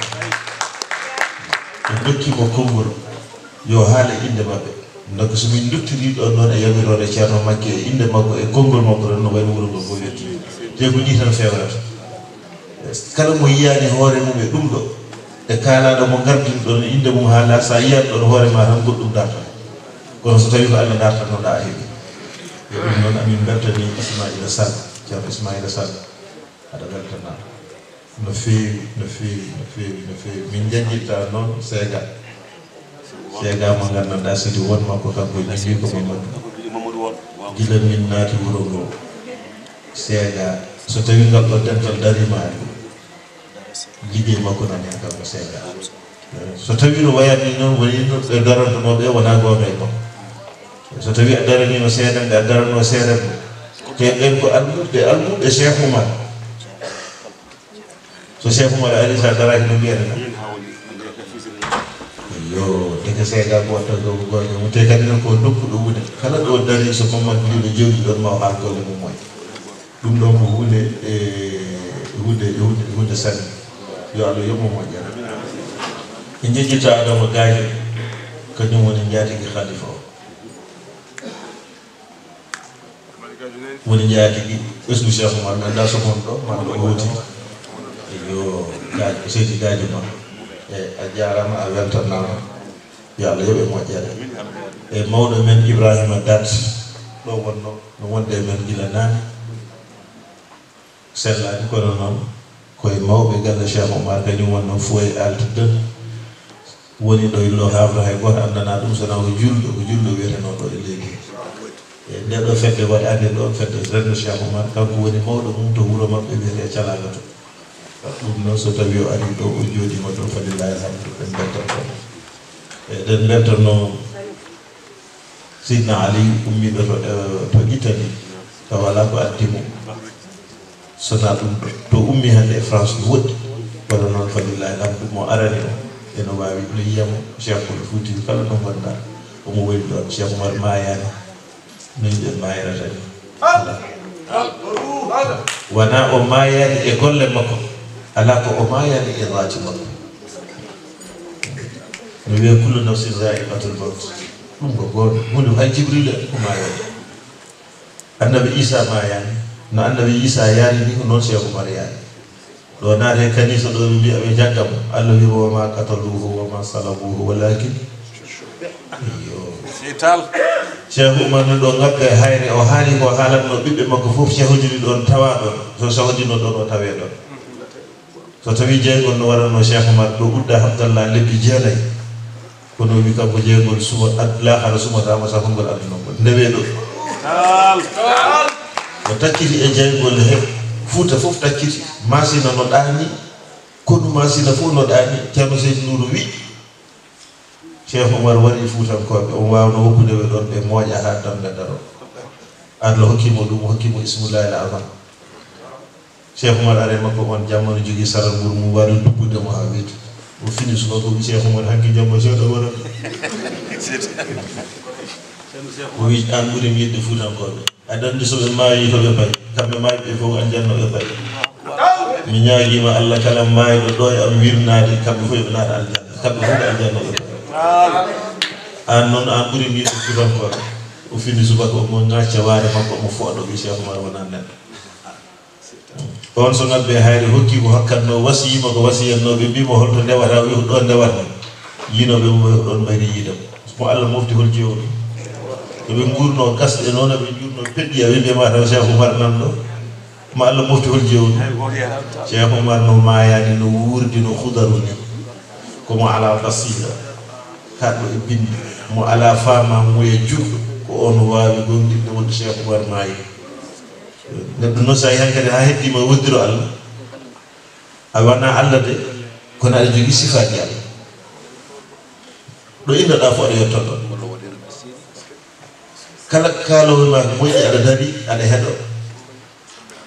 ɓe dokkimo kongol yo haala e inde maɓɓe donc somin dottiri ɗon noon e yamiroɗe ceerno makke e inde makko e kongol makko tan no wayno wuro ngol fof yetti te ko ɗi tan fewrata kala mo yiyani hoore mum e ɗum ɗo e kaalaɗo mo gardin ɗon inde mum haala sa yiyani ɗon hoore ma tan goɗɗum darta kono so tawi ko allah darta noɗa heɓi e ɗum noon amin beltani ismaila sall ceerno ismaila sall aɗa weltana no feewi no feewi no feewi no feewi min jañjirta noon seega seega mo nganndanɗa sidi won makko kanko nanmi e ko mamadou gila min naati wuro ngo seega so tawi ngalɗo dental darimaani liggey makko nan hen kanko seega so tawi no wayatni noon woni e darantanoɓe wona gomee makko so tawi a daranino seeɗen ɗe a darano seeɗen mo te ɗen ko alluɗe alluɗe chefu ma so chefu ma ɗe ari sa daraki no mbiyata yo deke seega gota gow gonga mu te kadi noon ko dokku ɗo wude kala ɗo dari so mamadou ndiɗo e jewɗi ɗon ma o haalgolle mum moƴ ɗum ɗon ko hunde e hunde hunde hunde sanne yo allah yobmo moƴƴata e jejjita adama gaye kañum woni jaatiki halifa o woni jaaki ɗi ɓesdu cheikh umar mais daa sogon ɗo man ɗo hooti e yo gaaj o seedi gaaji ma ei a jaarama a weltannama yo allah yoɓe e moƴƴere e mawɗo men ibrahima dat ɗo wonno no wonde men gila naani sellaani kono noon koye mawɓe galle cheikh umar kañum wonno foye altude woni ɗo illo haafra hay goto anndana ɗum so nawko julɗo ko julɗo wiyete noon ɗo e leydi E nde ɗo fedde waɗi annde ɗo fedde renno cheikh oumar kanko woni mawɗo mum to wuro maɓɓe wiyete e calaga to ɗum noon so tawi o ari ɗo o jooɗima ɗo falillah alhamdu ɗen bettanto e ɗen bettanno sidna ali ummiɓe to e, to ƴitani taw wala ko addimo sona ɗum to ummi hannde e france no woɗɗi kono noon falillah alhamdu mo arani o eno wawi no yiyamo cheikh ol fuutii kala no gonɗa omo woni ɗon cheikh oumar mayani min ɓe mayrata ɗi wona o mayani e golle makko ala ko o mayani e raati makko mi wiya kulle nafsirai matul bot ɗum ko gooto hunde han jibrila ko mayani annabi isa mayani no annabi isa yaani ni ko noon seeko mara yaani ɗo naate kanisa ɗo ɓe mbiyaɓe jaggamo allah wi wama kataluhu wama salabuhu walakin iyo hôpital cheikh umanu ɗo gabga e hayre o haali ko haalatno ɓiɓɓe makko fof cheikh ujini ɗon tawa ɗon so sawdino ɗon o tawe ɗon so tawi jeygol no waɗatno cheikh umar ɗo ɓudda hamdallah lebbi jeenayyi kono wi kanko jeygol sumo lahara sumotama safogol adunagol ndewe ɗo o takkiti e jeygol he fuuta fof takkiti masina no ɗaani konu masina fof no ɗaani ceerno seydi nuru wii شيخ عمر واري فوتان كوبي او واونو هوكو دو دون دي موجا ها دون دا دارو ان لو حكيمو دو حكيمو اسم الله العظم شيخ عمر اري ماكو اون جامونو جوغي سارن بور مو وادو دوب دو ما ويت و فينيس لوكو شيخ عمر حكي جامو شيخ دو ورا وي ان بودي مي دو فوتان كوبي ا دون دي سو ما يي فوغي باي كامي ماي بي فوغ ان جانو باي من ياغي ما الله كلام ماي دو دو ام ويرنا دي كابو فوي بنا دال كابو فوي دال جانو an noon an ɓuuri miɗo sufankoo o fini subaka omo gacca waare makko omo fooɗo ɓe chekh omar wona neɗɗo hmm. on so ganduɓe e hayre hokkimo hokkatno wasiyima ko wasiyatnoɓe mbimo holto ndewata wi ko ɗo ndewata yinoɓe mo ɗon mbayri yiidam mo allah mofti hol jewɗo yoɓe gurno gasɗe noon ɓe jurno peɗɗi a wimɓe mataw chekh omar nanɗo ma allah mofti hol jewɗo chekh omar no mayani no wuurdi no hudaru ni komo ala basira haɗo e bindi mo ala fama moye juɗɗo ko on wawi gonɗinɗe woni cheikh umar maayi neɗɗo noon sa yi han kadi ha heddima woddiro allah a wana allah de kono aɗa jogui sifaji allah ɗo innoɗa fo aɗa yettoɗo kala kalowma e moƴƴi aɗa dari aɗa heeɗo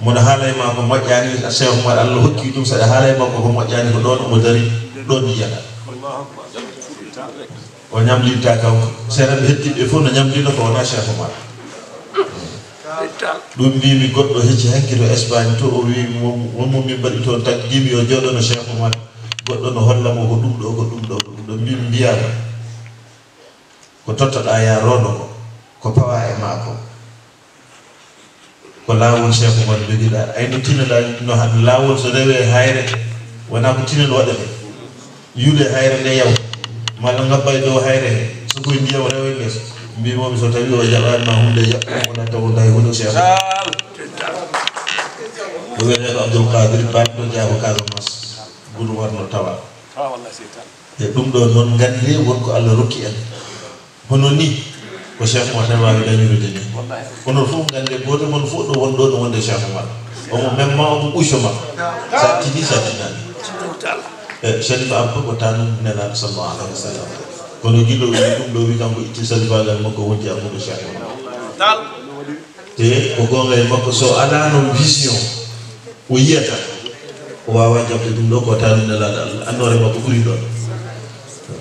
mono haalay ma ko moƴƴani cheikh umar allah hokki ɗum saɗa haalay ma ko ko moƴƴani ko ɗon omo dari ɗon yiyata o ñamlidta kanko seeɗa ɓe hettiɓe fof no ñamliɗo ko wona chef omar ɗum mbimi goɗɗo hecci hakke to espagne to o wi wonmo min mbaɗi toon taggimi yo no chef omar goɗɗo no hollamo ko ɗum ɗo ko ɗum ɗo ko ɗum ɗo mbimi mbiyama ko tottoɗa ya rondo ko ko pawa e maako ko laawol chef omar jogiɗa ayno tinaɗa no laawol so rewe hayre wona ko tinal waɗa ɗe yuuɗe hayre nde yawta malanga baydo hayre su ko ndiya wala way wele mbi mo so tawi o jaban ma hunde ya ko na taw wala hono se salam ko wele abdul qadir bab do ka do mas guru no tawa ah wallahi setan e dum do non ngandi won ko allah rokki en hono ni ko cheikh mo tan wawi dañude ni hono fu gande goto mon fu do won do do wonde cheikh mo o mo memma o mo ushoma sa tidi sa tidi Eh, sadifa am fof ko tanu nelaɗo sallllahu alah wa sallam kono jillo wi ɗum ɗo wi kam ko itti sadifagal makko wonti e amuɗo sahi te ko gonga e makko so alano vision o yiyata o wawa jabde ɗum ɗo ko tanu nelaɗo allah annore makko ɓuuri ɗon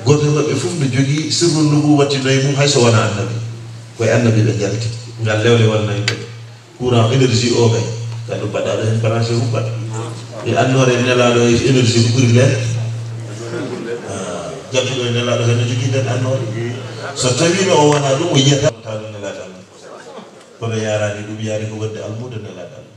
goto maɓɓe fof nde jogui sirrundugu wattinoye mum hayso wona annabi koye annabi ɓe jalti ngal lewle wannayi e courant énergie o ɓe kadu mbaɗaɗo hen branché hubat e andore nelaɗo e énergie ko ɓuri ndeer ah, jattuɗo e nelaɗo hene jogui nden andore so tawino o wona ɗum o yiyata tawno nelaɗo allah kono yarani ɗum yaari ko wadde almuda nelaɗo allah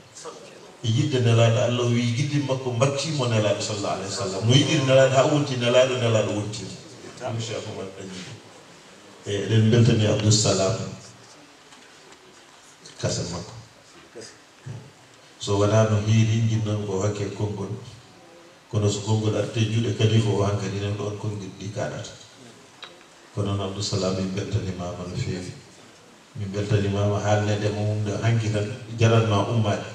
e yidde nelaɗo allah o wii guiddi makko mbattimo nelaɗo sallah alayhi w sallam mo yiɗiri nelaɗo ha wonti nelaɗo nelaɗo wontimo ɗum chekhu man dañiɗo eyi eɗen beltani abdoussalam kase makko so wonaa no miiri jinnon ko hakke konngol kono so konngol arte juuɗe kadi fo o hankadi nen ɗoon konngel ndi kaaɗata kono noon du salam min mbeltanimama no feewi min mbeltanimama haalnede mo wumde hanki tan jaranma ummaade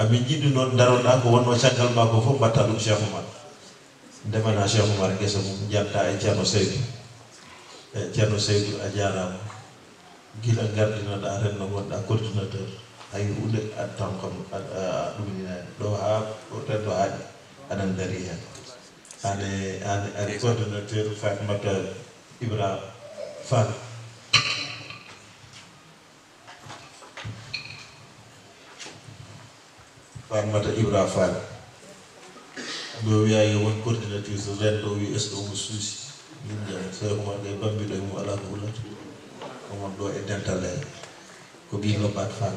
amin jiɗɗi noon daronɗa ko wonno caggal ma ko fof mbatta ɗum chef umar ndemana chef umar gesa mum janta e ceerno seydou e ceerno seydou a jaarama gila gardinoɗa renno gonɗa coordinateur hay huɗe at tan kam ɗumninani ɗo ha ɓurɗen ɗo haaɗi aɗan dari hen ane ane ane coordonnateur fatimata ibrahima fall mata ibra mata ibra fall ɗo wiyayi won coordinatrice ren do wi es do que omo suusi min jam sey omar ɗe bambiɗo e mu ala ko hulata omon do e dental en ko ɓi lobbat fall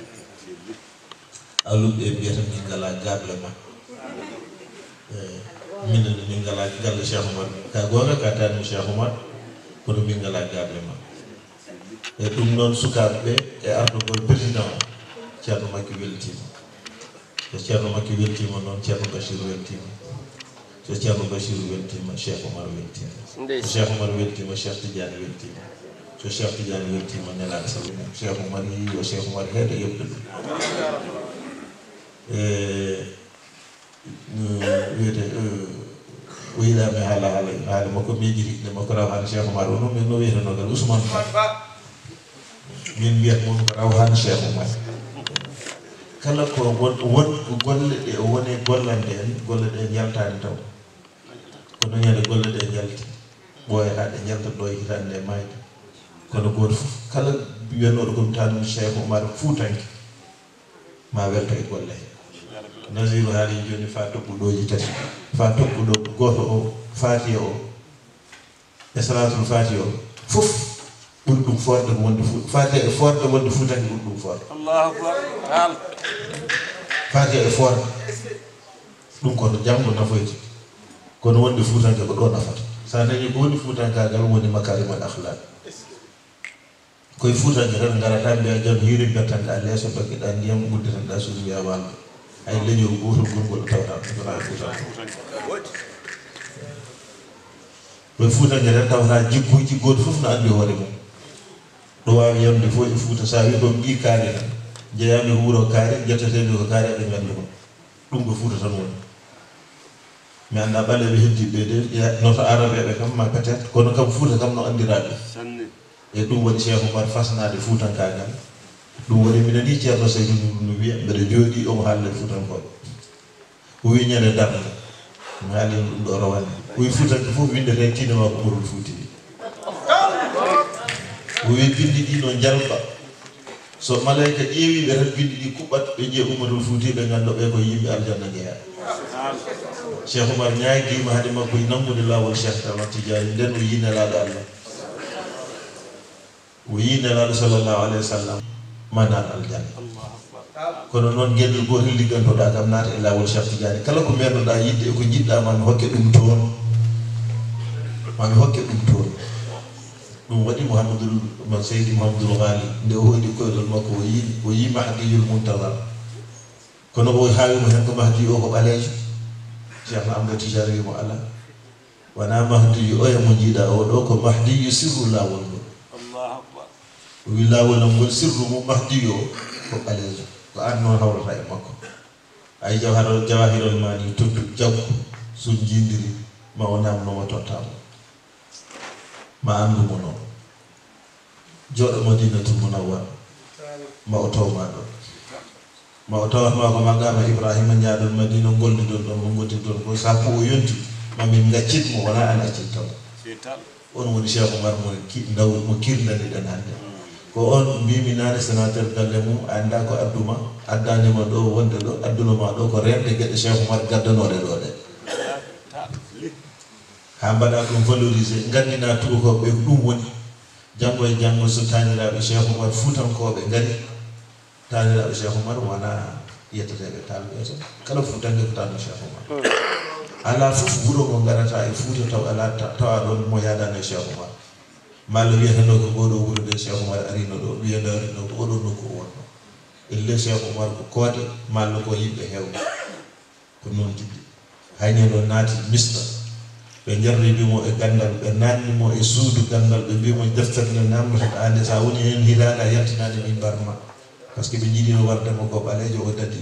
alumɗe mbiyata min ngala gaable ma eh, minene min ngala galle cheikh oumar ka gonga ka tani cheikh oumar kono min ngala gaable ma e ɗum noon sukaɓe ɓe e ardugol président ceerno makki weltima so ceerno makki weltima noon ceerno bachir weltima so ceerno bachir weltima cheikh oumar weltima so cheikh oumar weltima cheikh tidiane weltima so cheikh tidiane weltima nelan sa cheikh oumar yi yo cheikh oumar heeɗo yeɓɗo ɗum E, mm, wiyete mm, wehilaami haala haala haali makko miijiri nde makko raw han cheikh omar wono min no wiyetenogal ousmane ba min mbiyat mum raw han cheikh omar kala ko won golle ɗe woni gollande en golle ɗe njaltaani taw ko dañande golle ɗe njalti ɓooyataaɗe njalta ɗo hitan nde e maayde kono gooto fof kala wiyannooɗo ko mi taanum cheikh omar fuu tanki ma welta e golle hee nasiru hali joni fatu togguɗoji tati fatu togguɗo goto o fati o e salatul fati o fof ɓuri ɗum forde ko wonde fati e forde wonde futaki ɓuri ɗum forde fati e forde ɗum koto janggo nafoyti kono wonde fuutanke ko ɗo nafata sa dañi ko woni fuutankagal woni makarimal ahlak koye fuutanke tan garata mbiya jam hiiri bertanɗa leeso dokkiɗa ndiyam gudditanɗa suus mbiya walno ay leñol gootol gongol tawɗa tawɗa fuuta ɓe fuutanñere tawata jiggoji gooto fof no anndi hoore mum ɗo waawi yamde fof e fuuta so a wi ɗon ɓii kaari tan jeeyami ko wuro kaari jettetendi ko kaari aɗa ñande kon ɗum ɗo fuuta tan woni mi annda ɓalle ɓe heddiɓe de noto arabeɓe kam ma peut être kono kam fuuta kam no anndira ɗum e ɗum woni cheikh oumar fasnaade fuutankaa kam ɗum woni mbiɗa ni ceerno sayidou no wiya mbeɗa jooɗi omo haalleɗ futankoɓe o wi ñande darde mi haalino ɗum ɗo rawande o wi futanke fof windete e tinema ko ɓorol futini o wi binndi ɗi noon jalba so malayika ƴeewiɓe tan binndi ɗi kuɓɓat ɓe jeeya umatol futii ɓe ngannda ɓe koye yimɓe aljanna geeya cheikh oumar ñaagima haade makko e nanngude laawol cheikh tamatidiani nden o yiinelaaɗo allah o yiinelaaɗo sallallahu alayhi wa sallam manal aljanna kono noon gelɗel gotel ligganoɗa kam naata e lawol chartigani kala ko merdoɗa yidde eko jiɗɗa mami hokke ɗum toon mami hokke ɗum toon ɗum waɗi mouhamadoul ma seydi mouhamadoul hali nde o hoydi koyelol makko o yi o yi mahdiyol muntalal kono o hawimo hen ko mahdiy o ko ɓalejo cheikh amdatijarwimo ala wona mahdiyu oya e mo jiiɗa oɗo ko mahdiyu sirru lawol wi laawol am ngol sirru mahdiyo mahdi yo ko kaleejo ko aan noon hawrata e makko ay jawhar jawahirol ma ni tottu jaggu so jindiri ma o namnoma tottamo ma anndumo noon jooɗo madinatu munawwar ma o tawma ɗon ma o tawatma ko maggama ibrahima ñaɗon madina golliɗon ɗon mo goddidon ko sappo o yonti mamin gaccitmo wona an accittam on woni cheikh oumar mo dawol mo kirnaniɗen hannde ko on mbimi naane sénateur galle mum annda ko adduma addanima ɗo wonde ɗo adduno ma ɗo ko remde gueɗe chef omar gaddanoɗe ɗo ɗe ha mbaɗa ɗum valorisé gandina tubakoɓe ko ɗum woni janggo e janggo so taniraɓe chef omar futankoɓe gari taniraɓe chef omar wona yettateɓe talɓeto kala futange ko tanno chef omar hmm. ala foof wuuro ngo garata e fuuta taw ala tawa ɗon mo yadani e chef omar malla wiyatano ko ngoɗo wuro nde cheikh oumar arino ɗo wiyano arino ko oɗo nokku o wonno elle cheikh oumar ko koode malla ko yimɓe heewɓe ko noon jiɗɗi hayñano naati mista ɓe jarribimo e gandal ɓe nannimo e suudu gandal ɓe mbimo e deftere namdotoɗa nde so woni hen hirade a yaltinade min barma par ce que ɓe jiɗino waddemo ko ɓaleejo o daddi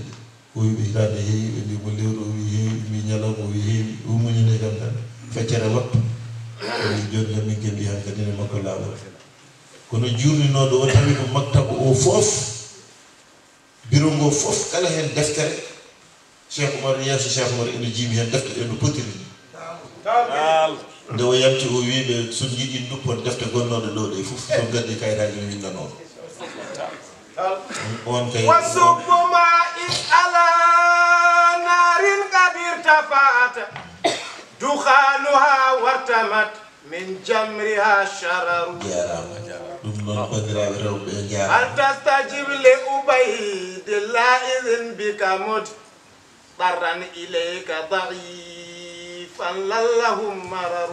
o wiɓe hirade heewi ɓe mbimo lewru o wi heewi mbi ñalawma o wi heewi umuñine kam tan feccere wattu kono jogiɗo min gelli hankkadine makko laawol kono juurninoɗo o tawi ko maktaba o fof bureau ngo fof kala heen deftere cheikh oumar yaasi cheikh oumar ene jiimi heen deftere eno potiri nde o yamti o wiiɓe son yiɗi duppon defte gonnoɗo ɗo ɗe fof son gaddi kayitaji mi windanoo on kay wasubbo ma is ala narin kadir tafata دخانها وارتمت من جمرها شرر هل تستجيب لأبيد الله إذن بك مضطرا إليك ضعيفا لهم مرر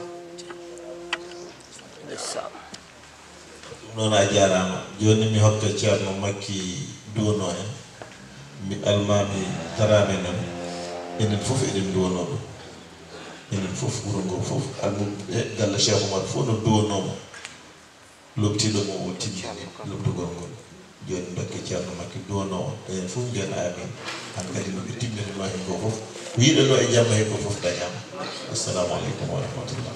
noon a joni mi hokka ceerno makki duuno en eh. mi almami tarami noon enen foof eɗen duwono enen fof wuro ngo fof almo galla eh, cheikh oumar fof no duwonoma lobtiɗo mo o tigi lobdugol ngol joni dokke ceerno makke duwono o enen fof mbiyen amin han kadi noɓe timminima hen ko fof wiiɗo ɗo e jamma hen ko fof dañama assalamu aleykum wa rahmatullah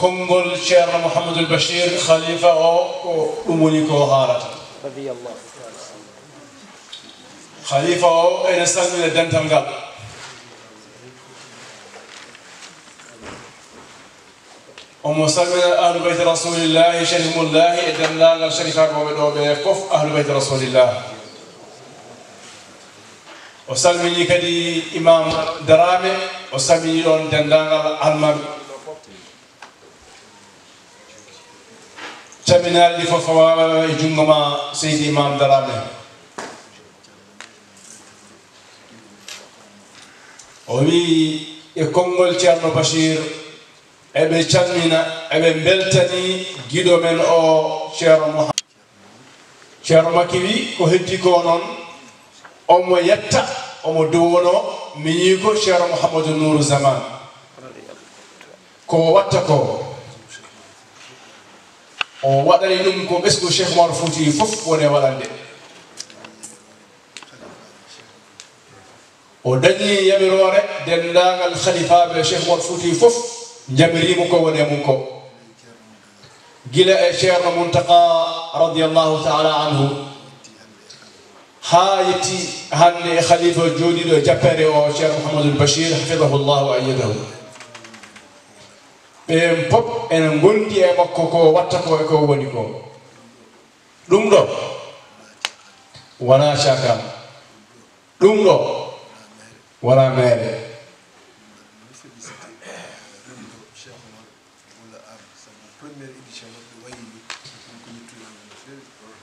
كونغول شيرنا محمد البشير خليفة أو أموليكو هارة رضي الله خليفة أو أين سنة دنتنغاب أم سمنا أهل بيت رسول الله شريف الله إدن لا شريفة قوم قف أهل بيت رسول الله وسلمني كدي إمام درامي وسلمني دون دندان المرء salminaaji fof e junngo ma seydi imam darame o wii e konngol ceerno bachir eɓe calmina eɓe mbeltani giɗo men o ceero moha ceero makki wi ko heddi ko noon omo yetta omo dowono miñii ko ceero mouhamadou nouru zaman ko watta koo o waɗani ɗum ko ɓesdu cheikh maro fouti fof wone waɗande o dañi yamirore dendagal khalifaɓe cheikh maro fouti fof jamirimo ko wone mum ko gila e ceerno muntaka radiallahu taala anhu ha yetti hande e khalifa joɗiɗo e jappere o cheikh mouhamadoul bachir hafidahu llahu wa ayyadahu ɓen eh, pop ene gondi e makko ko watta ko e ko woni ko ɗum ɗo wona cakal ɗum ɗo wona meere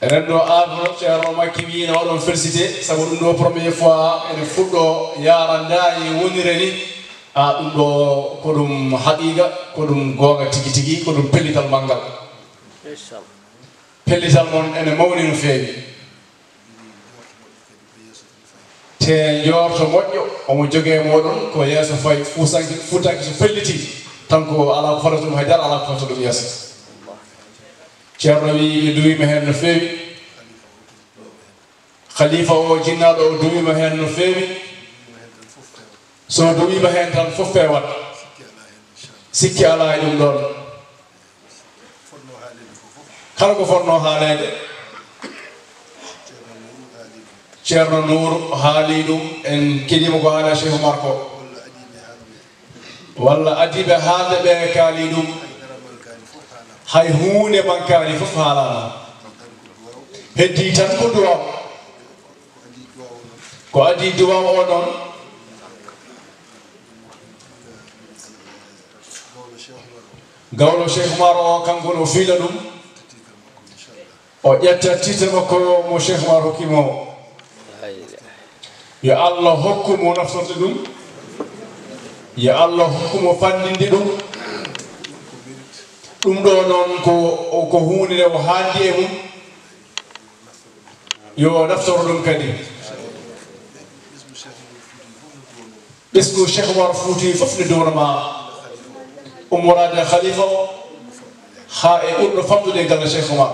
enen ɗo arno ceerno makki wiino oɗon félicité saabu ɗum ɗo premier fois ene fuɗɗo yarandaye wonire ni ha ɗum ɗo ko ɗum haqiqa ko ɗum gonga tigi tigi ko ɗum pellital mbalngal pellital moon ene mawni no feewi te njorto moƴƴo omo jogee moɗon ko yeeso fay fusanki futanki so felliti tan ko ala ko fata tum haydara ala ko fata ɗum yeeso ceerno wiimi duwima heen no feewi khalifa o jinnaɗo o duwima heen no feewi so dowiima heen tan fof feewat sikki alaa e ɗum ɗoon kala ko fotnoo haaleede ceerno nour haalii ɗum en kiniima ko haalia cheikh umar ko walla adiiɓe haalde ɓee kaalii ɗum hay huunde mankaani fof haalaama heddii tan ko duwaw ko adii duwaw oo noon gawlo cheikh maro o kanko no fiila ɗum o ƴetta tite makko yo mo cheikh maro hokkima o yo allah hokkumo naftorde ɗum yo allah hokkumo fandinde ɗum ɗum ɗo noon ko ko hunde nde o haandi e mum yo naftoro ɗum kadi ɓesgu cheikh maro fouti fof ne downo ma ummorade khalifa o ha e ɓurɗo famɗude ngal e no cheikhu ma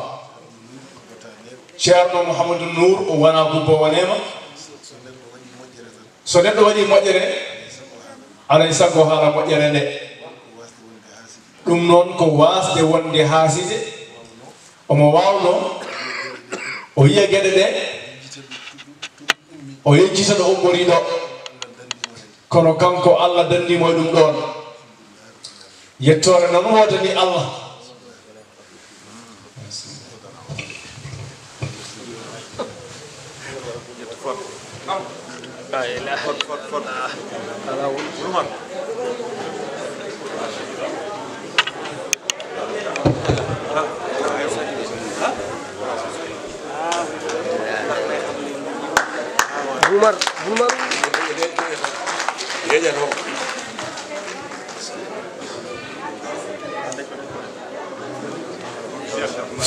ceerno mouhamadou nour o wona gubbo wonema so neɗɗo waɗi moƴƴere alay sago haala moƴƴere nde ɗum noon ko wasde wonde haaside omo wawno o yiya gueɗe ɗe o yejjita ɗo ummoriɗo kono kanko allah dandimo e ɗum ɗon yettore na wooda ni allah Bumar, bumar. Dia jadi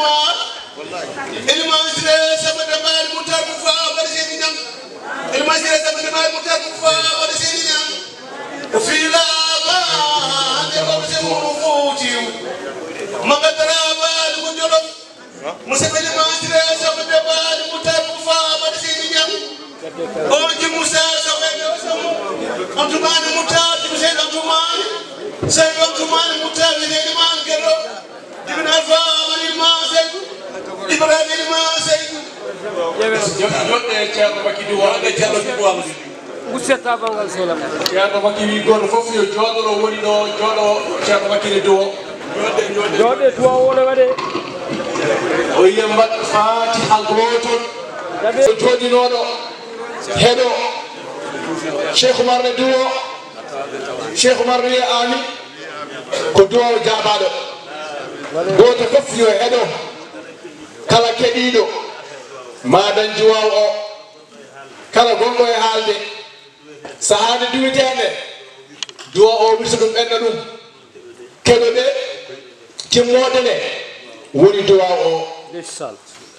Mor. Elimane Siré sama dambaay mu tar mu faa wala seen i ñam. Elimane Siré sama dambaay mu tar mu faa wala seen i ñam. fii laa baa te boobu seen munu fuutiw. ma nga daraa baa lu ko jolof. monsieur Elimane Siré sama dambaay mu tar mu faa wala seen i ñam. oo ji Moussa sama sama. Abdoumane mu tar di Seydi Abdoumane. Seydi Abdoumane mu tar di Elimane Gero. Ibn Alfa ibrahima seydoe e ceerno makkidi wonde jalloiɗo e amadi gussettagolngal sohlam ceerno makki wi goto foof yo jooɗoro woni ɗo jooɗo ceerno makkide duwo joɗe joɗe duwa wona waɗe o yiya mbaɗ faati agoton o jooɗinoɗo heɗo cheikh umarne duwo cheikh umarne wiya ami ko duwa o jaabaɗo goto foof yo heɗo kala keɓiɗo madan juwaw o kala gonɗo e haalde sahade duwitende duwa o wisa ɗum ɓenna ɗum keɗo ɓe timmode nde woni duwa o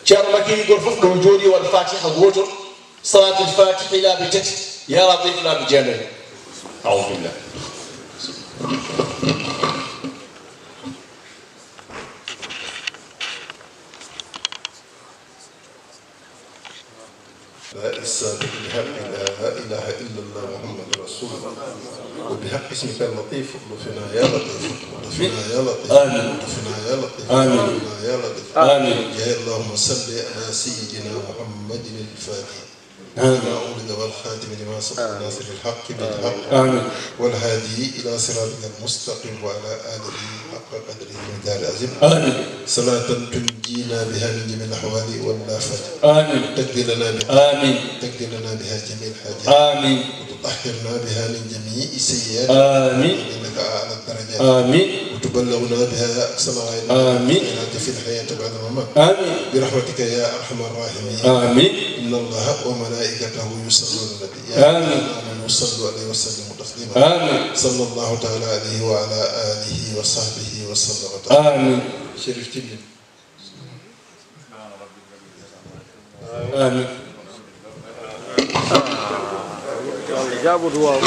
ceerno makkiigol fof ɗo jooɗi waɗa fatiha gotol salatul fatiha ilaaɓe tati yaraɓe ilaaɓe jeenayi aoubillah لا السابق بحق لا اله الا الله محمد رسول الله وبحق اسمك اللطيف اغفنا يا لطيف اغفنا يا لطيف امين يا لطيف امين يا لطيف امين يا اللهم صل على سيدنا محمد الفاتح لما أولد والخاتم لما سبق الناس بالحق بالحق آمين. والهادي إلى صراطك المستقيم وعلى آله وقدره مقدار العظيم آمين صلاة تنجينا بها من جميع الأحوال والآفات آمين تقضي لنا بها آمين تقضي لنا بها جميع الحاجات آمين تطهرنا بها من جميع السيئات آمين إنك أعلى الدرجات آمين وتبلغنا بها أقصى آمين في الحياة بعد الممات آمين برحمتك يا أرحم الراحمين آمين إن الله وملائكته يصلون على النبي آمين وصلوا عليه وسلموا تسليما آمين صلى الله تعالى عليه وعلى آله وصحبه وسلم آمين شرفتني آمين Я буду вам.